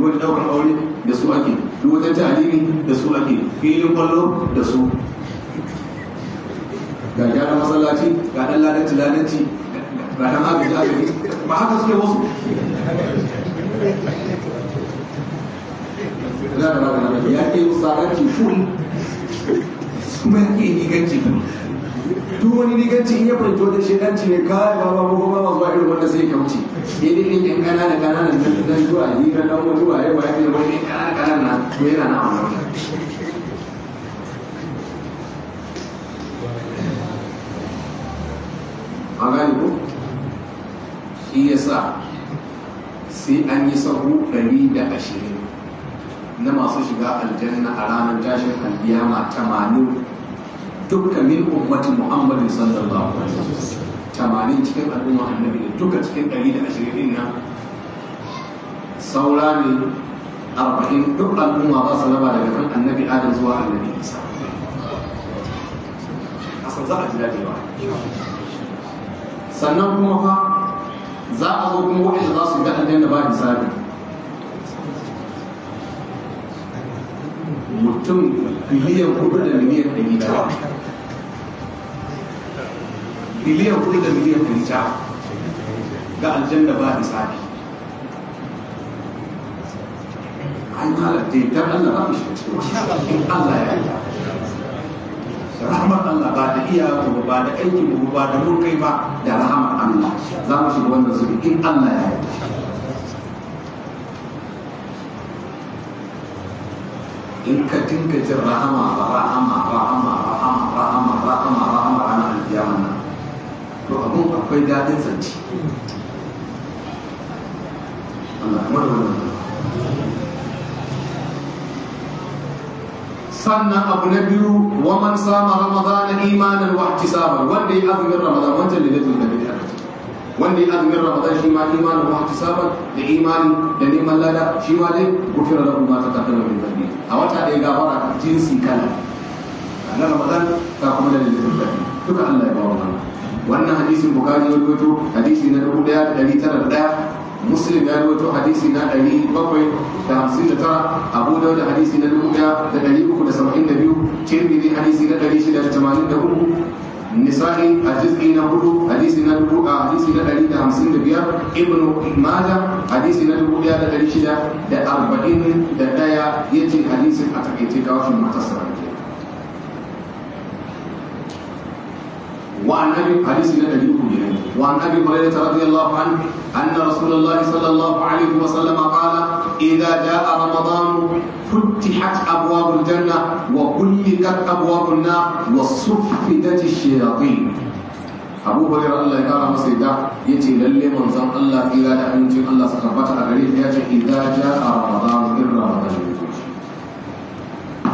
wani daukar aure da su ake duk wajen tarihi da su ake filin kwallo da su ga gyara masallaci ga dan ladanci ladanci ga dan agaji agaji ba haka suke wasu ya ke tsaranci ful kuma ya ke giganci ful duk wani riganci in ya fahimci wata shedanci ne kawai ba ba ko ba zuwa irin wanda sai ka wuce ya dai din yan kana da kana da dan zuwa yi ran dan wani waye waye ne wani kana kana na to yana na wannan an gane ko shi yasa sai an yi sahu ɗari da ashirin na masu shiga aljanna a ranar tashin alkiyama tamanin Dukkanin min ummati muhammadin sallallahu alaihi wasallam tamanin cikin al'umma annabi da duka cikin ɗari da ashirin din nan saura ne arba'in duk al'umma ba su raba daga kan annabi adam zuwa annabi isa asan za a ji dadewa sannan kuma fa za a zo kuma wa'anda za su ga aljanna ba hisabi mutum biliyan hudu da miliyan ɗari tara biliyan hudu da miliyan ɗari ta ga aljanna ba sabi an halatta yi ta Allah ba shi Allah ya yi rahmar Allah ba da iya kuma ba da aikin kuma ba da mulkai ba da rahama Allah za mu shiga wannan zuri in Allah ya yi in ka dinga jin rahama rahama rahama rahama rahama rahama rahama ranar alkiyama nan to abun akwai daɗin zance sannan abu na biyu wa man sama ramadana imanan wa ihtisaban wanda ya azumin ramadan wancan da ya da wanda ya azumin ramadan shi ma imanin wa ihtisaban da imani da neman lada shi ma dai gufira lahu ta taqaddama min dhanbi a wata da ya gabara jinsi kala na ramadan ta kuma da lissafin duka Allah ya ba wa wannan hadisin bukari ya rubuto hadisi na dubu daya da dari tara da daya muslim ya rubuto hadisi na dari bakwai da hamsin da tara abu wani hadisi na dubu daya da dari uku da saba'in da biyu tirmidhi hadisi na dari shida da tamanin da uku nisa'i a jizgi na hudu hadisi na dubu a hadisi na ɗari da hamsin da biyar ibnu maja hadisi na dubu ɗaya da ɗari shida da arba'in da ɗaya ya ce hadisin a takaice kawashin matasa. وعن ابي حديث النبي وعن ابي هريره رضي الله عنه ان رسول الله صلى الله عليه وسلم قال اذا جاء رمضان فتحت ابواب الجنه وغلقت ابواب النار وصفدت الشياطين abu hurairah Allah ya kara masa yadda yace lalle manzon Allah tsira da amincin Allah su tabbata a gare shi yace idza jaa ramadan in ramadan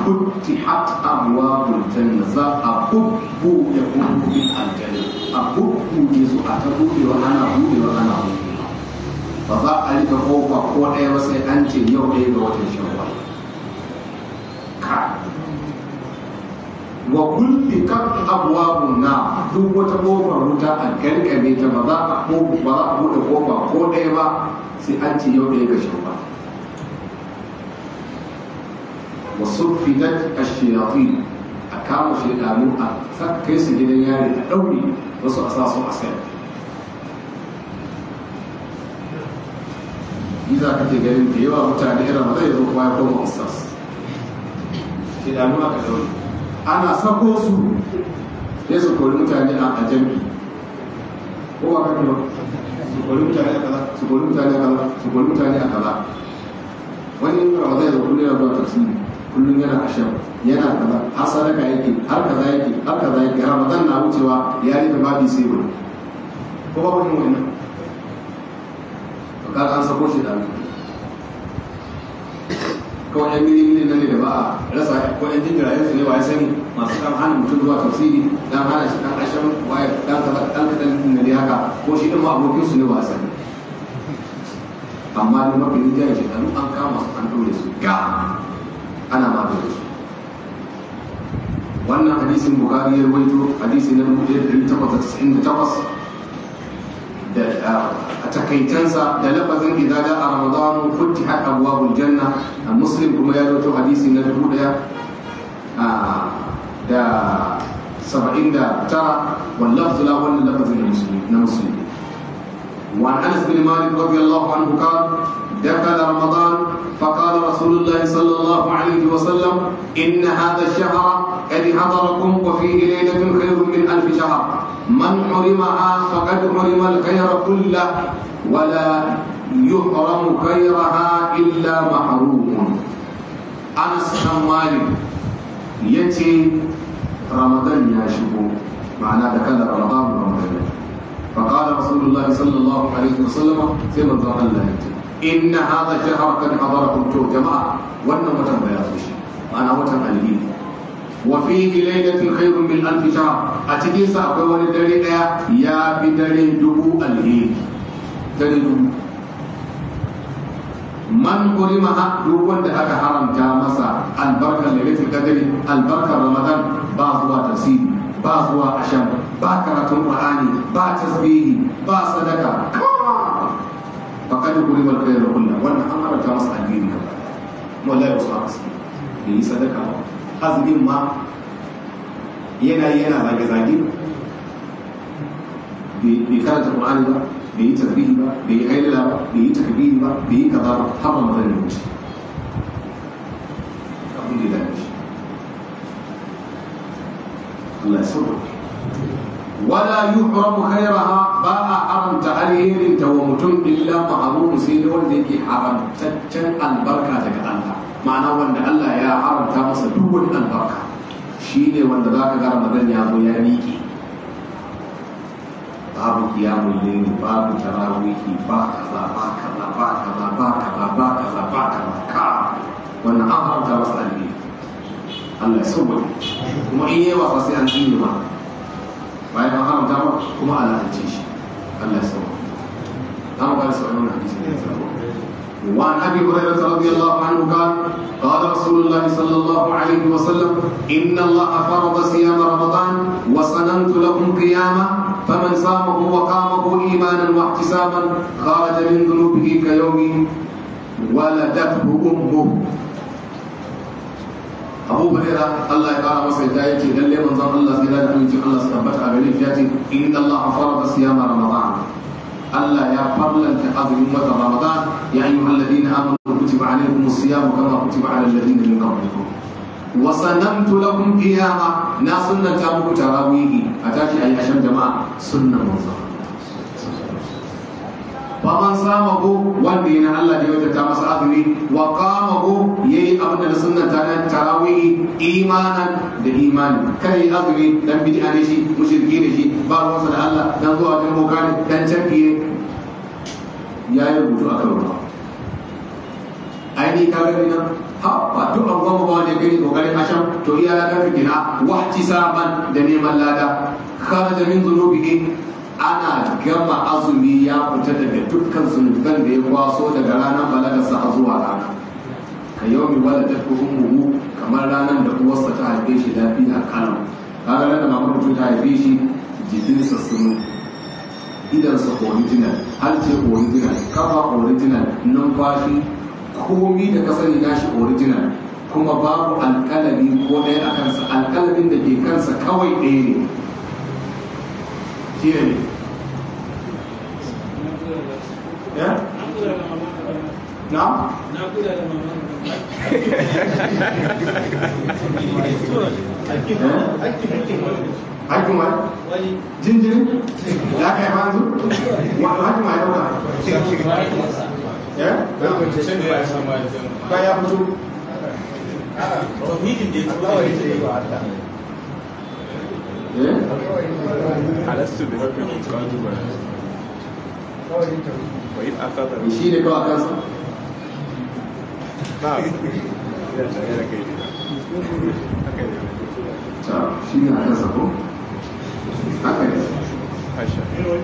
futtihat abwabul janna za a bubbu ya aljanna a ne su a ta budewa ana budewa ana budewa ba za ko ɗaya sai an ce yau ɗaya ga watan ka wa kulli na duk wata kofar wuta a garkame ta ba za a buɗe kofa ko ɗaya ba sai an ce yau ɗaya ga Wasu sufidat ash-shayatin a kama a kai su gidan yari a daure wasu a sa su a iza kake ganin da yawa mutane irin ba zai zo ya koma ustaz shaydanu aka daure ana sako su sai su kori mutane a jami'i ko ba kan su kori mutane a kaza su kori mutane a kaza su kori mutane a kaza wani yin ramadan ya zo kullum ya zuwa tafsiri kullum yana shan yana kaza har sadaka yake har kaza yake har kaza yake ramadan na wucewa ya yi da babi sai wani ko babu ne wani to an sako shi da kawai yan mini nan ne da ba a rasa ko yan jinjirayen yansu ne waye sai sani masu kan hana mutum zuwa tafsiri dan hana shi kan ashar waye dan kaza dan kaza ne haka ko shi din ma abokin su ne ba sai sani amma da mafi nijiyar shekaru an kama su an dole su ga ana magani wannan hadisin bukari ya rawaito hadisi na 1898 da a takaitansa da lafazin a da'a ramadanu futihat abwabul janna a muslim kuma ya rawaito hadisi na 1000 da 79 واللفظ لا ولا لفظ na وعن wa بن مالك رضي الله عنه قال دخل رمضان فقال رسول الله صلى الله عليه وسلم إن هذا الشهر قد حضركم وفيه ليلة خير من ألف شهر من حرمها فقد حرم الخير كله ولا يحرم خيرها إلا محروم أنس بن مالك يأتي رمضان يا شبو معناه دخل رمضان رمضان فقال رسول الله صلى الله عليه وسلم سيما الله يأتي inna hadha shahr qad hadarakum to jama'a wannan watan ba ya so shi ma'ana watan alheri wa fihi laylatin khairun min alf shahr a cikin sa akwai wani dare daya ya fi dare dubu alheri dare dubu man kurimaha duk wanda aka haramta masa albarkar lailatul qadri albarkar ramadan ba zuwa tasiri ba zuwa asham ba karatun qur'ani ba tasbihi ba sadaka فقد يقول لك يا رجل وانا انا رجع اصحى الدين كما ولا يصحى اصحى هي صدقة هذا دين ما ينا ينا ذاك ذاك بكرة القرآن ما بي تذبيه ما بي علا بي تكبير ما بي كذار هم مدرين موت أبو دي دانش الله يسرك wala yuhramu khairaha ba a haramta alherin ta wa mutum illa ma'ruf sai da wanda yake haramtaccen albarka daga Allah ma'ana wanda Allah ya haramta masa duk wani albarka shine wanda zaka ga Ramadan ya zo ya miƙe babu kiyamun laili babu tarawihi ba kaza ba kaza ba kaza ba kaza ba kaza ba kaza ka wannan an haramta masa alheri Allah ya sauwaje kuma in yayi wasa sai an tsine ma بعد ما haramta maka وما قال la'ance shi قال لا sauka za قال bada sauran hadisi وعن ابي هريره رضي الله عنه قال قال رسول الله صلى الله عليه وسلم ان الله فرض صيام رمضان وصنمت لكم قيامه فمن صامه وقامه ايمانا واحتسابا خرج من ذنوبه كيوم ولدته امه abu huraira Allah ya kara masa yadda yake lalle manzon Allah sai da amincin Allah su tabbata a gare ya ce inna Allah farada siyama ramadan Allah ya farlanta azumin wata ramadan ya ayyuhal ladina amanu kutiba alaykum as-siyam kama kutiba ala alladhina min qablikum wa sanamtu lahum qiyama na sunnata muku tarawihi a tashi a ashan jama'a sunnan manzon faman sama ko wanda yana Allah da ya wadata masa azumi wa qama ko yayi abin da sunna ta na tarawih imanan da imani kai azumi dan bid'a ne shi mushriki ne shi ba ruwansa da Allah dan zuwa kan boka ne dan tafiye ya yi rubutu akan ruwa ainihin kawai nan haɓɓa duk an goma ba wanda ya gani ƙoƙarin asham to iya ladar fitina wahti saban da neman lada kharaja min zunubihi ana gama azumi ya fita daga dukkan zunuban da ya kwaso daga ranar balagarsa a zuwa rana ka yau mai wala ta umuru kamar ranar da uwarsa ta haife shi lafiya a kano. ranar da mamar mutum ta haife shi jikinsa sunu idansa original halce original kafa original numfashi komi da ka sani shi original kuma babu alkalabi ko ɗaya a kansa alkalabin da ke kansa kawai ɗaya ne shi ne ya? na? na kuda da mamanin eh? hakima jinjiri ya kai manzu hakima ya wuka ya ya fito ألست برب قد ويبقى قدر يشيل كذا نعم. نعم شيل كذا هو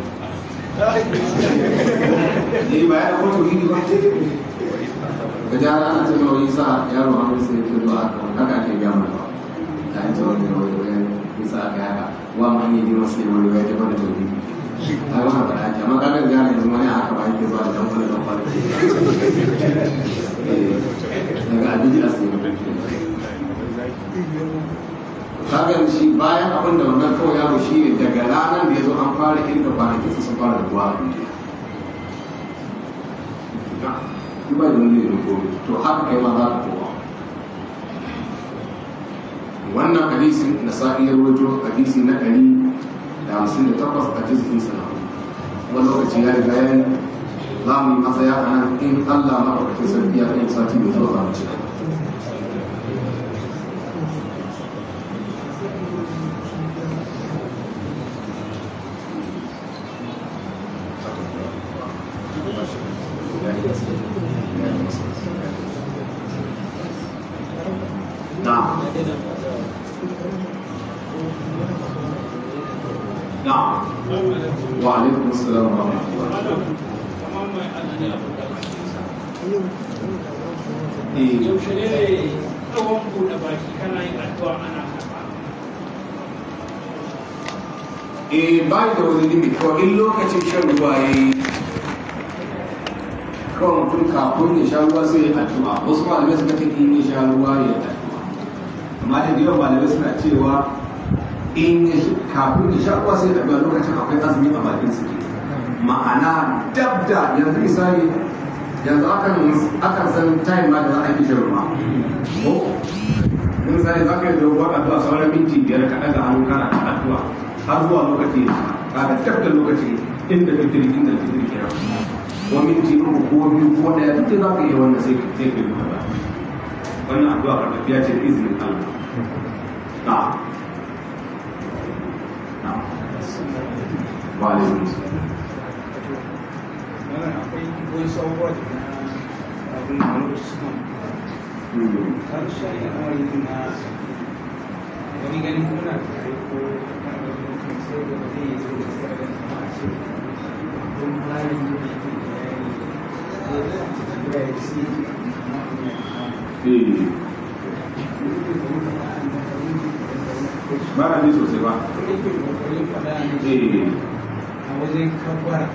يبقى انا قلت وجيني لوحدي فجعل انا تمر ويسار يا رب عمرو سيد الدعاء هكذا في جامعه لا انت وجهه sa aka wa man yi muslim wani bai ta bada tauhid a yi wannan faɗa amma kaga ga yanzu wani haka ba yake zuwa da dan wani dan daga abiji a sai kaga shi bayan abin da wannan kawai yaro shi ne daga ranar da ya zo an fara inda kwanakin su sun fara ruwa ba da wani ne to haka kai ma za ka wannan hadisin na sa'i ya hadisi na ɗari da hamsin da takwas a jizgin sana wani lokaci ya riga ya za mu yi masaya a nan in allah maɗaukakin sarki ya kai sati mai zuwa ba mu ci zunubi to in lokacin shan ruwa ya yi kawai mutum kafin ya sha ruwa sai ya addu'a wasu malamai suka ce in ya sha ruwa ya addu'a amma da yawan malamai suna cewa in ya kafin ya sha ruwa sai ya addu'a lokacin akwai azumi a bakin su ke ma'ana dab da yanzu misali yanzu akan san time ma da za a yi shan ruwa ko in sai za ka yi dogon addu'a sauran minti biyar ka ɗaga hannu kana addu'a har zuwa lokacin ya kaga tafta lokaci inda fitiri inda fitiri ke wa minti uku ko biyu ko daya duk da za ka iya wannan sai sai ka yi kaza wannan addu'a ka tafiya ce izinin Allah na na wa alaikum akwai wani na abin da mm. wani a yi na wani ganin ko ba na ji sosai ba a wajen kabbara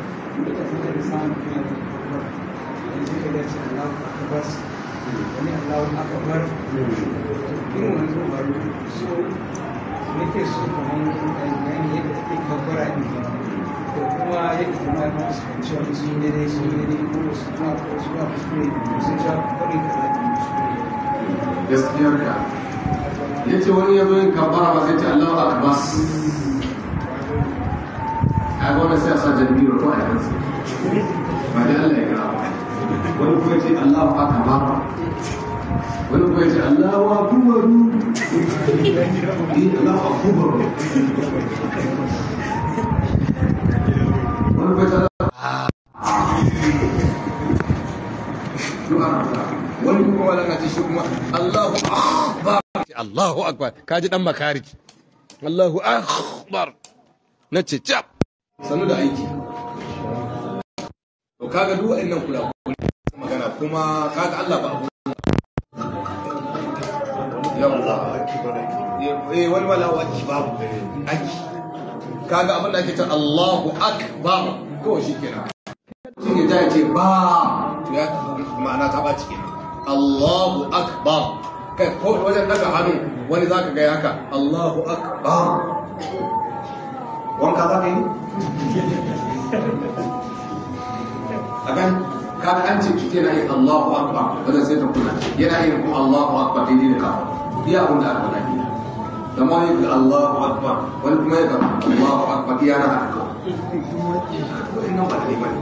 da ta fitar da samun fiye da kabbara da zai kada ce allahu akabar wani allahu akabar irin wani tsohon so nake so kamar yanayin yadda take kabbara ne da kuma yadda kuma kwanci wani yi dai su yi dai su kuma ko su ba kuskure ja kwari ka za ta gaskiyar ka ya ce wani ba ce allahu a wani sai a sa a yanzu ba allah ya wani kuma ce allahu akbar wani kuma yace Allahu akbar ni Allahu akbar wani kuma yace wani kuma wala na ce shi kuma Allahu akbar Allahu akbar kaji dan makariki Allahu akbar na ce cap sanu da aiki to kaga duk wa'annan kula magana kuma kaga Allah ba yawwa eh wal malawa akbar aki kaga abin da ake ta Allahu akbar kawai shikenan shine ta ce ba to ya ma'ana ta ba cikin Allahu akbar kai ko wajen daga hannu wani za ka gaya haka Allahu akbar wanka za ka yi akan kaga an ce kike na yi Allahu akbar wannan sai ta kula yana yin Allahu akbar dai ne ka iya abin da aka faɗa ke da ma yi Allahu Akbar wani kuma ya gaba Allahu Akbar iya na haka wannan ba dai bane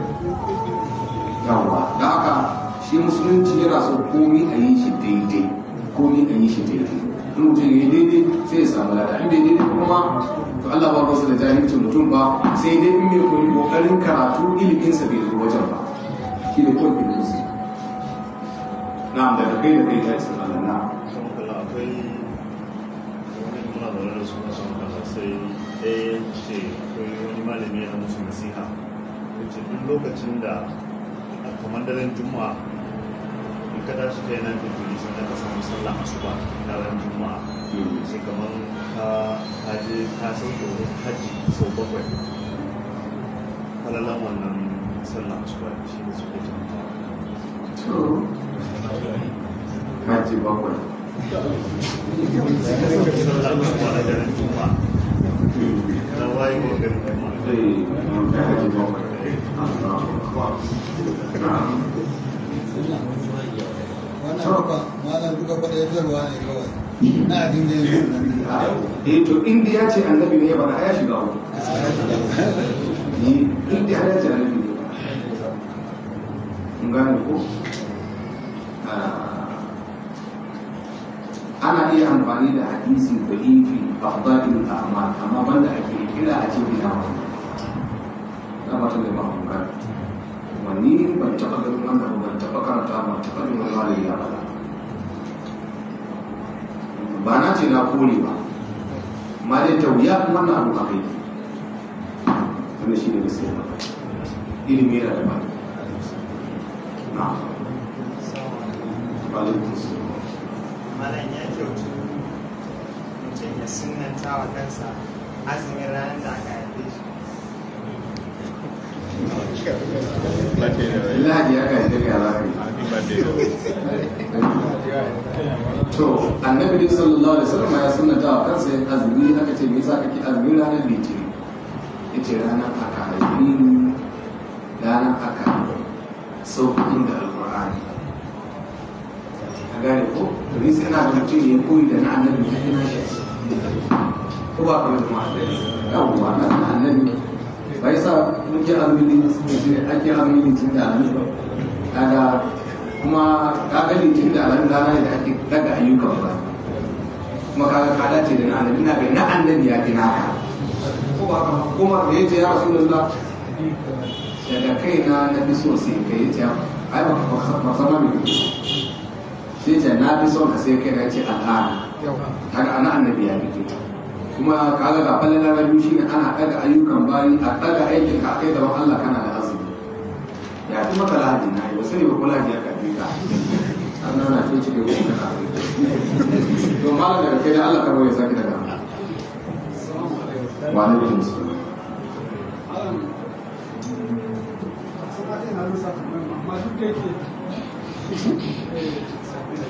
yawa da haka shi musulunci yana so komi a yi shi daidai komi a yi shi daidai in mutum ni yi daidai sai ya samu lada in daidai kuma to Allah ba rusa da jahilcin mutum ba sai dai in mai koyi kokarin karatu iliminsa bai zo wajen ba shi da kawai bin musu na'am daga kai da kai ta isa Allah na'am su a shan ɗaya ce kai wani malami yana nasiha ya ce lokacin da a kamar daren juma'a in ka tashi kai na sallah asuba daren juma'a hmm. sai kamar ka je ka sauke wani hajji sau bakwai falalan wannan sallah bakwai eh to inda ce annabi ne ya bana ya shiga uku inda ya ce annabi ne ya bana gane ko ana iya amfani da hadisi da ifi a fadadin al'amal amma banda ake kira a ce bida wani na mata da mahaukar wani ban taɓa ganin wannan ban taɓa karanta ban taɓa yin wani wani ya ba ba na ce na kore ba ma dai ta wuya wannan abu a kai wanda shi ne da sai ba ilimi yana da ba na ba da malam ya kyautu mutum ya sunanta wa kansa azumin ranar da aka haife shi ya To, annabi dai sallallahu alaihi wasallam ya wa kansa yin azumi aka ce me yasa kake azumi ranar litinin? Yace ranar aka haifi ranar da alƙur'ani. a gane ko to ni sai na mutum ya koyi da na annabi ta gina shi ko ba ka mutum a yawwa na na annabi ba yasa mun ji amini sun ne ake amini tun da annabi kaga kuma kaga litin da annabi rana da ake daga ayyukan ba kuma kaga ka dace da na annabi na ga na annabi ya fi naka ko ba ka kuma da ya ce ya rasulullah daga kaina na fi so sai kai ya ai ba ka zama mai sai ce na fi son ka sai kai na ce al'ana kaga ana annabi ya fito kuma kaga ga na rabi shi ne ana ɗaga ayyukan bayi a ɗaga aikin ka kai gaban Allah kana da azumi ya kuma ka lahadi na yi wasu ne ba ko lahadi ya karfi ka an na ce cikin wani kana to malam da kai da Allah ka ya saki daga wa alaikum bin amma Thank you.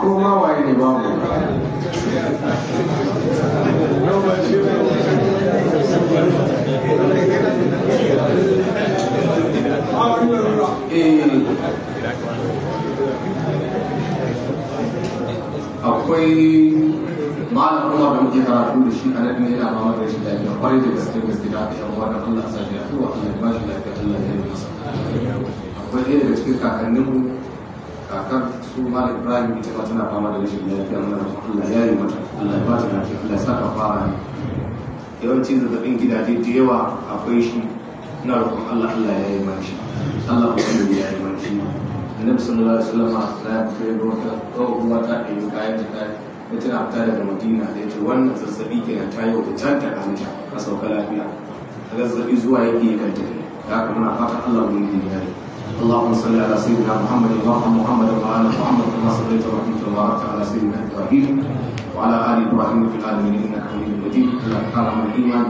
كوما وين بابا akwai malam kuma da muke karatu da shi a nan ne yana mamar rashin lafiya kwarai da gaske gaske da aka yan wannan Allah sa shi lafiya Allah ya ba shi lafiya Allah ya yi masa akwai ɗaya daga cikin kakanninmu kakar su mara ibrahim ita ba tana fama da rashin lafiya mana da allah ya yi mata allah ya ba ta lafiya allah ya sa ka fara yawanci zazzabin gidaje da yawa akwai shi ina roƙon allah allah ya yi mana shi allah ubangiji ya yi mana shi annabi sallallahu alaihi wasallam na fito da wata tsohuwa ta ɗaya kayan ta kayan da tana fita daga madina da ya ce wannan zazzabi kenan ta yau da can ta kanta a sauka lafiya a zazzabi zuwa yake kan tafi ya kamar fata allah ubangiji ya yi اللهم صل على سيدنا محمد اللهم محمد وعلى محمد كما صليت ورحمت وبارك على سيدنا ابراهيم وعلى ال ابراهيم في العالمين انك حميد مجيد اللهم ارحم الايمان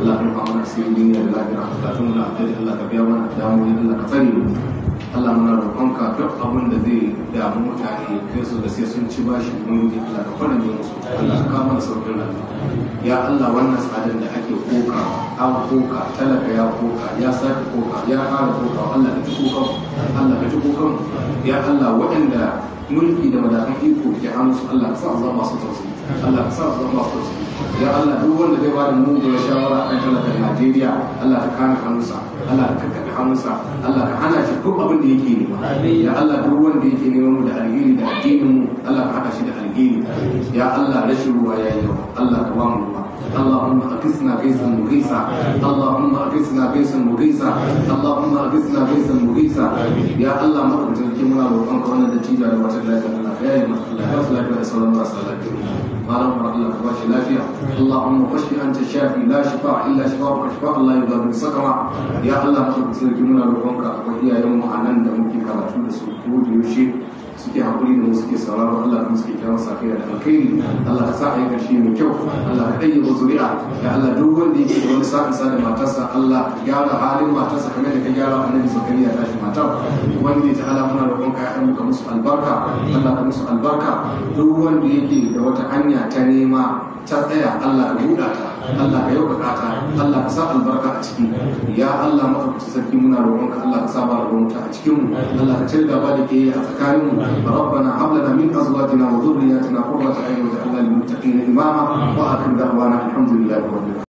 اللهم ارحم نفسي الدنيا بالله برحمتك لا تمنع الله تبيعنا اقدامنا الا كتنين Allah muna roƙonka duk abin da zai damu mutane kai su da sai sun ci bashi mun yi Allah ka fara ne musu Allah ka mana saukin rayuwa ya Allah wannan tsadan da ake koka an koka talaka ya koka ya sake koka ya fara koka Allah ka ci kokan Allah ka ci kokan ya Allah waɗanda mulki da madakan iko ke amsu Allah ka sa zama masu tausayi Allah ka sa zama masu tausayi ya Allah duk wanda zai bada muguwar shawara a talakar Najeriya Allah ka kare hannunsa Allah ka kakkaɓe hannunsa Allah ka hana shi duk abin da yake nema ya Allah duk wanda yake neman mu da alheri da addinin mu Allah ka haɗa shi da alheri ya Allah rashin ruwa ya yi Allah ka ba mu ruwa اللهم اغثنا غيثا مغيثا اللهم اغثنا غيثا مغيثا Allahumma اغثنا غيثا مغيثا يا الله ما كنت لك منا روحك وانا دتيجا اللهم الله باش لافيا اللهم فشي انت الشافي لا شفاء الا شفاءك شفاء الله يبارك سكرا يا الله مشكور سيدنا لوكم كا وهي يوم انن da muke karatu da su ko da yaushe suke hakuri da mu suke sauraro Allah kuma suke kyawun safi da alkhairi Allah ka sa a yi karshe mai kyau Allah ka wa zuri'a da Allah duk wanda yake da wani sa'in sa da matarsa Allah ka gyara halin matarsa kamar da ka gyara annabi zakariya tashi matar wanda ta ala muna roƙon ka ya ka musu albarka Allah ka musu albarka duk wanda yake da wata hanya ta nema ta tsaya Allah ka buɗa ta Allah ka yau kata Allah ka sa albarka a ciki ya Allah madaukakin sarki muna ka Allah ka sa ba roƙonka a cikin mu Allah ka cire gaba da ke a tsakanin mu rabbana hablana min azwajina wa dhurriyyatina qurrata a'yun waj'alna lil muttaqina imama wa akhir da'wana alhamdulillahi rabbil alamin